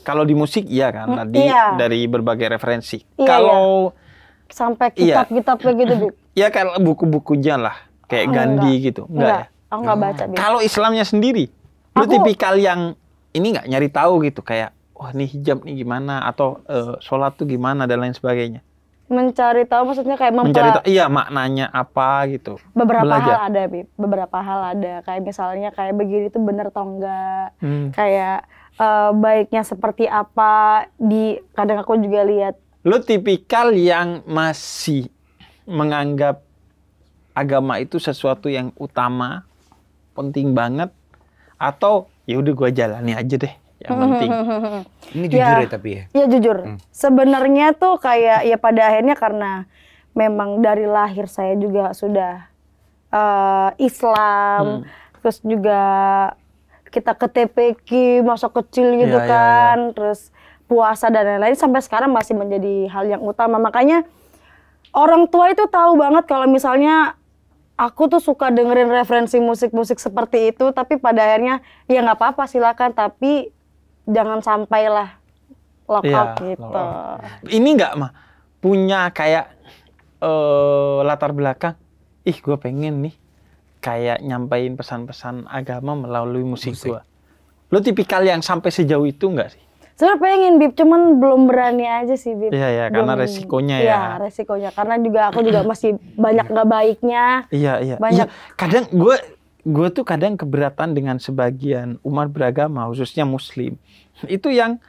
kalau di musik ya kan tadi mm, nah, iya. dari berbagai referensi. Iya, iya. kalau iya. sampai kitab-kitab gitu, iya. gitu bu. kalau buku-bukunya lah kayak oh, Gandhi enggak. gitu. Enggak. enggak. Ya? Aku enggak baca. Kalau Islamnya sendiri, lu Aku... tipikal yang ini nggak nyari tahu gitu kayak wah oh, nih hijab nih gimana atau uh, sholat tuh gimana dan lain sebagainya mencari tahu maksudnya kayak mempel... mencari tahu iya maknanya apa gitu beberapa Belajar. hal ada Bib. beberapa hal ada kayak misalnya kayak begini tuh bener atau enggak hmm. kayak uh, baiknya seperti apa di kadang aku juga lihat lu tipikal yang masih menganggap agama itu sesuatu yang utama penting banget atau ya udah gua jalani aja deh yang penting ini jujur ya, ya tapi ya ya jujur hmm. sebenarnya tuh kayak ya pada akhirnya karena memang dari lahir saya juga sudah uh, Islam hmm. terus juga kita ke TPQ masa kecil iya, gitu yeah, kan yeah, terus puasa dan lain-lain sampai sekarang masih menjadi hal yang utama makanya orang tua itu tahu banget kalau misalnya aku tuh suka dengerin referensi musik-musik seperti itu tapi pada akhirnya ya nggak apa-apa silakan tapi jangan sampailah lock yeah, kita. gitu. Ini nggak mah punya kayak uh, latar belakang ih gue pengen nih kayak nyampain pesan-pesan agama melalui musik, musik. gua. Lo tipikal yang sampai sejauh itu enggak sih? Sebenernya pengen Bib, cuman belum berani aja sih Bib. Iya, iya, iya ya, belum, karena resikonya ya. Iya, resikonya. Karena juga aku juga masih banyak gak baiknya. Iya, iya. Banyak. Iya. Kadang gue gue tuh kadang keberatan dengan sebagian umat beragama khususnya muslim itu yang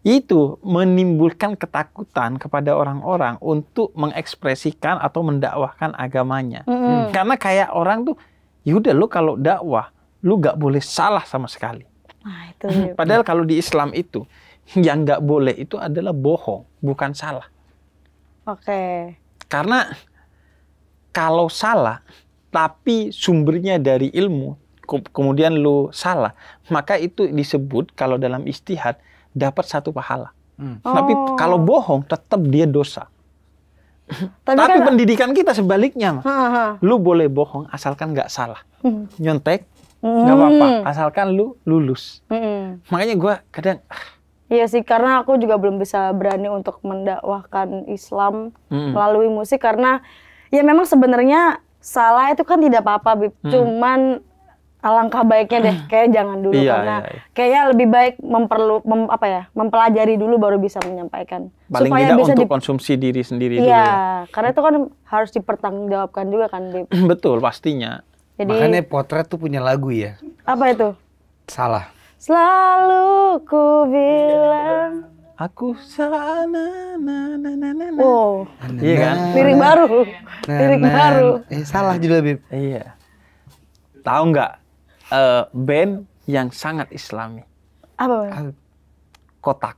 itu menimbulkan ketakutan kepada orang-orang untuk mengekspresikan atau mendakwahkan agamanya. Mm -hmm. Karena kayak orang tuh yaudah lo kalau dakwah lu gak boleh salah sama sekali. Nah, itu. Padahal kalau di Islam itu yang gak boleh itu adalah bohong, bukan salah. Oke. Okay. Karena kalau salah tapi sumbernya dari ilmu kemudian lu salah, maka itu disebut kalau dalam istihad dapat satu pahala. Hmm. Oh. Tapi kalau bohong tetap dia dosa. Tapi, Tapi kan, pendidikan kita sebaliknya, lo Lu boleh bohong asalkan nggak salah. Hmm. Nyontek nggak hmm. apa-apa, asalkan lu lulus. Hmm. Makanya gue kadang ah. Iya sih, karena aku juga belum bisa berani untuk mendakwahkan Islam hmm. melalui musik karena ya memang sebenarnya salah itu kan tidak apa-apa, Hmm. Cuman alangkah baiknya deh kayak jangan dulu iya, karena iya, iya. kayaknya lebih baik memperlu mem, apa ya mempelajari dulu baru bisa menyampaikan paling supaya tidak bisa untuk konsumsi diri sendiri iya, dulu ya. karena itu kan harus dipertanggungjawabkan juga kan Dip. betul pastinya Jadi, makanya potret tuh punya lagu ya apa itu salah selalu ku bilang Aku sana na na na na na. Oh, iya kan? Lirik baru. Lirik baru. Eh salah judul Bib. Iya. Tahu nggak uh, band yang sangat islami. Apa? Kotak.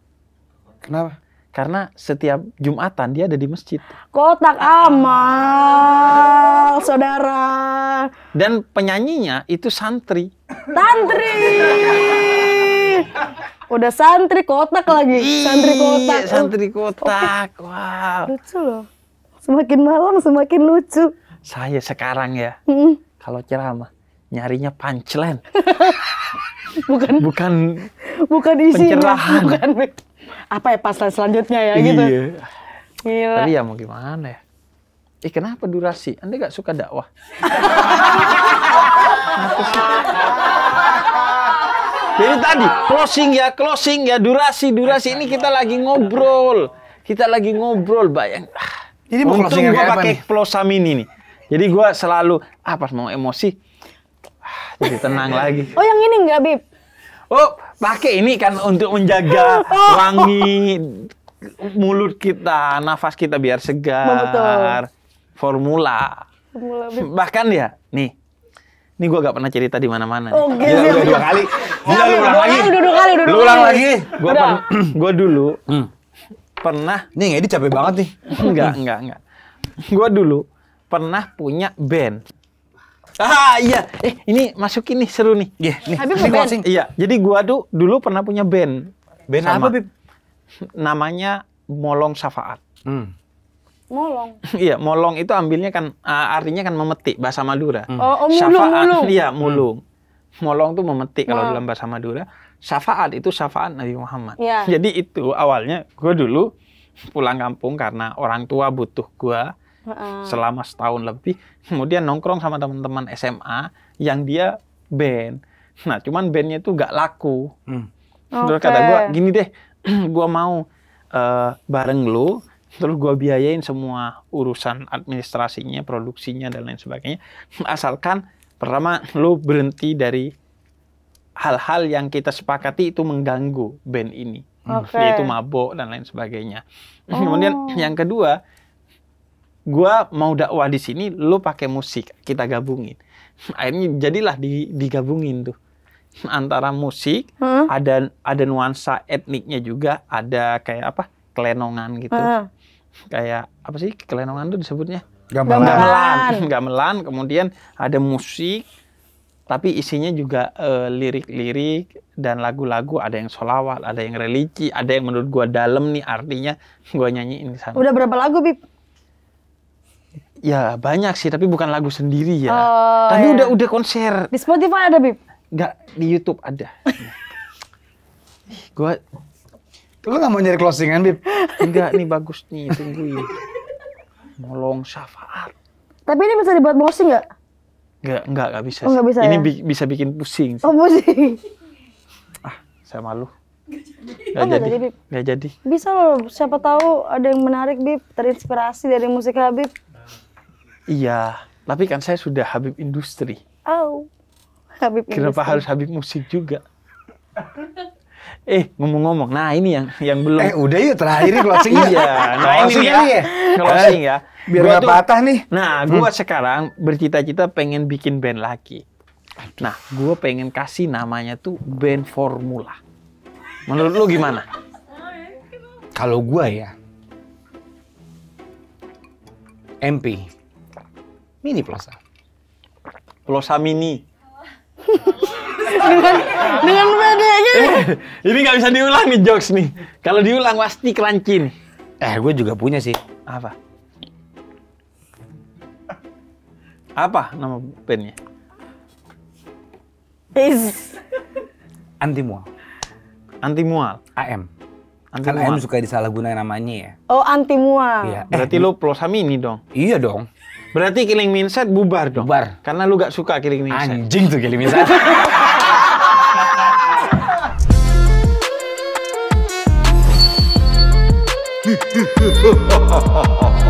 Kenapa? Karena setiap Jumatan dia ada di masjid. Kotak amal, saudara. Dan penyanyinya itu santri. Santri. Udah santri kotak lagi. Santri kotak. santri kotak. Wow. Lucu loh. Semakin malam semakin lucu. Saya sekarang ya. Mm -hmm. Kalau ceramah nyarinya punchline. bukan bukan bukan isinya, pencerahan. bukan apa ya pasal selanjutnya ya gitu. iya. gitu. Gila. Tapi ya mau gimana ya? Eh kenapa durasi? Anda gak suka dakwah? Jadi tadi closing ya, closing ya, durasi, durasi ini kita lagi ngobrol, kita lagi ngobrol bayang. Jadi mau closing gue pakai plosamin ini. Jadi gua selalu ah mau emosi jadi tenang lagi. Oh yang ini enggak, Bib? Oh pakai ini kan untuk menjaga oh. wangi mulut kita, nafas kita biar segar. Betul. Formula. Formula Bahkan ya, nih ini gue gak pernah cerita di mana-mana. Oh, gila, gila, dua kali. Gila, lu ulang lagi. Dua kali, dua kali. lagi. Gue gue dulu hmm. pernah. Nih, ini capek banget nih. enggak, hmm. enggak, enggak. Gue dulu pernah punya band. Ah iya, eh ini masukin nih seru nih. Iya, yeah, nih. Habib Iya, jadi gua tuh dulu pernah punya band. Band Sama. apa, Bib? Namanya Molong Safaat. Hmm. Molong. iya, molong itu ambilnya kan uh, artinya kan memetik bahasa Madura. Hmm. Oh, oh mulung, syafaat, mulung. Iya, mulung. Hmm. Molong tuh memetik kalau dalam bahasa Madura. Safaat itu syafaat Nabi Muhammad. Yeah. Jadi itu awalnya gua dulu pulang kampung karena orang tua butuh gua selama setahun lebih kemudian nongkrong sama teman-teman SMA yang dia band nah cuman bandnya itu gak laku hmm. okay. terus kata gue gini deh gue mau uh, bareng lu terus gue biayain semua urusan administrasinya produksinya dan lain sebagainya asalkan pertama lu berhenti dari hal-hal yang kita sepakati itu mengganggu band ini okay. yaitu mabok dan lain sebagainya oh. kemudian yang kedua gue mau dakwah di sini, lu pakai musik, kita gabungin. Akhirnya jadilah digabungin tuh antara musik, hmm. ada ada nuansa etniknya juga, ada kayak apa kelenongan gitu, hmm. kayak apa sih kelenongan tuh disebutnya? Gamelan. Gamelan. Gamelan. Kemudian ada musik, tapi isinya juga eh, lirik-lirik uh, dan lagu-lagu ada yang solawat ada yang religi ada yang menurut gua dalam nih artinya gua nyanyiin sana udah berapa lagu bib Ya banyak sih, tapi bukan lagu sendiri ya. Oh, tapi iya. udah udah konser. Di Spotify ada bib? Gak di YouTube ada. gua Lu gak mau nyari closingan, Bib? Enggak, nih bagus nih, tungguin. Molong syafaat. Tapi ini bisa dibuat closing nggak? Gak, nggak, nggak bisa. Oh, bisa ini ya? bi bisa bikin pusing. Sih. Oh, pusing. Ah, saya malu. Gak, oh, jadi. Bib. Gak jadi. Bisa loh, siapa tahu ada yang menarik, Bib. Terinspirasi dari musik Habib. Iya, tapi kan saya sudah Habib Industri. Oh, Habib Industri. Kenapa harus Habib Musik juga? Eh, ngomong-ngomong, nah ini yang yang belum. Eh, udah yuk terakhir closing ya. iya, nah ini ya, ya. ya. Closing ya. Eh, biar gak patah nih. Nah, hmm. gua sekarang bercita-cita pengen bikin band lagi. Nah, gua pengen kasih namanya tuh band formula. Menurut lu gimana? Kalau gua ya, MP. Mini Plosa. Plosa Mini. dengan dengan bedanya. Eh, ini nggak bisa diulang nih jokes nih. Kalau diulang pasti kerancin Eh, gue juga punya sih. Apa? Apa nama pennya? Is. Anti mual. Anti mual. AM. Anti kan AM suka disalahgunakan namanya ya. Oh, anti mual. Iya. Eh, Berarti eh, lo mini dong. Iya dong. Berarti killing mindset bubar dong. Bubar. Karena lu gak suka killing mindset. Anjing tuh killing mindset. Ha ha ha ha ha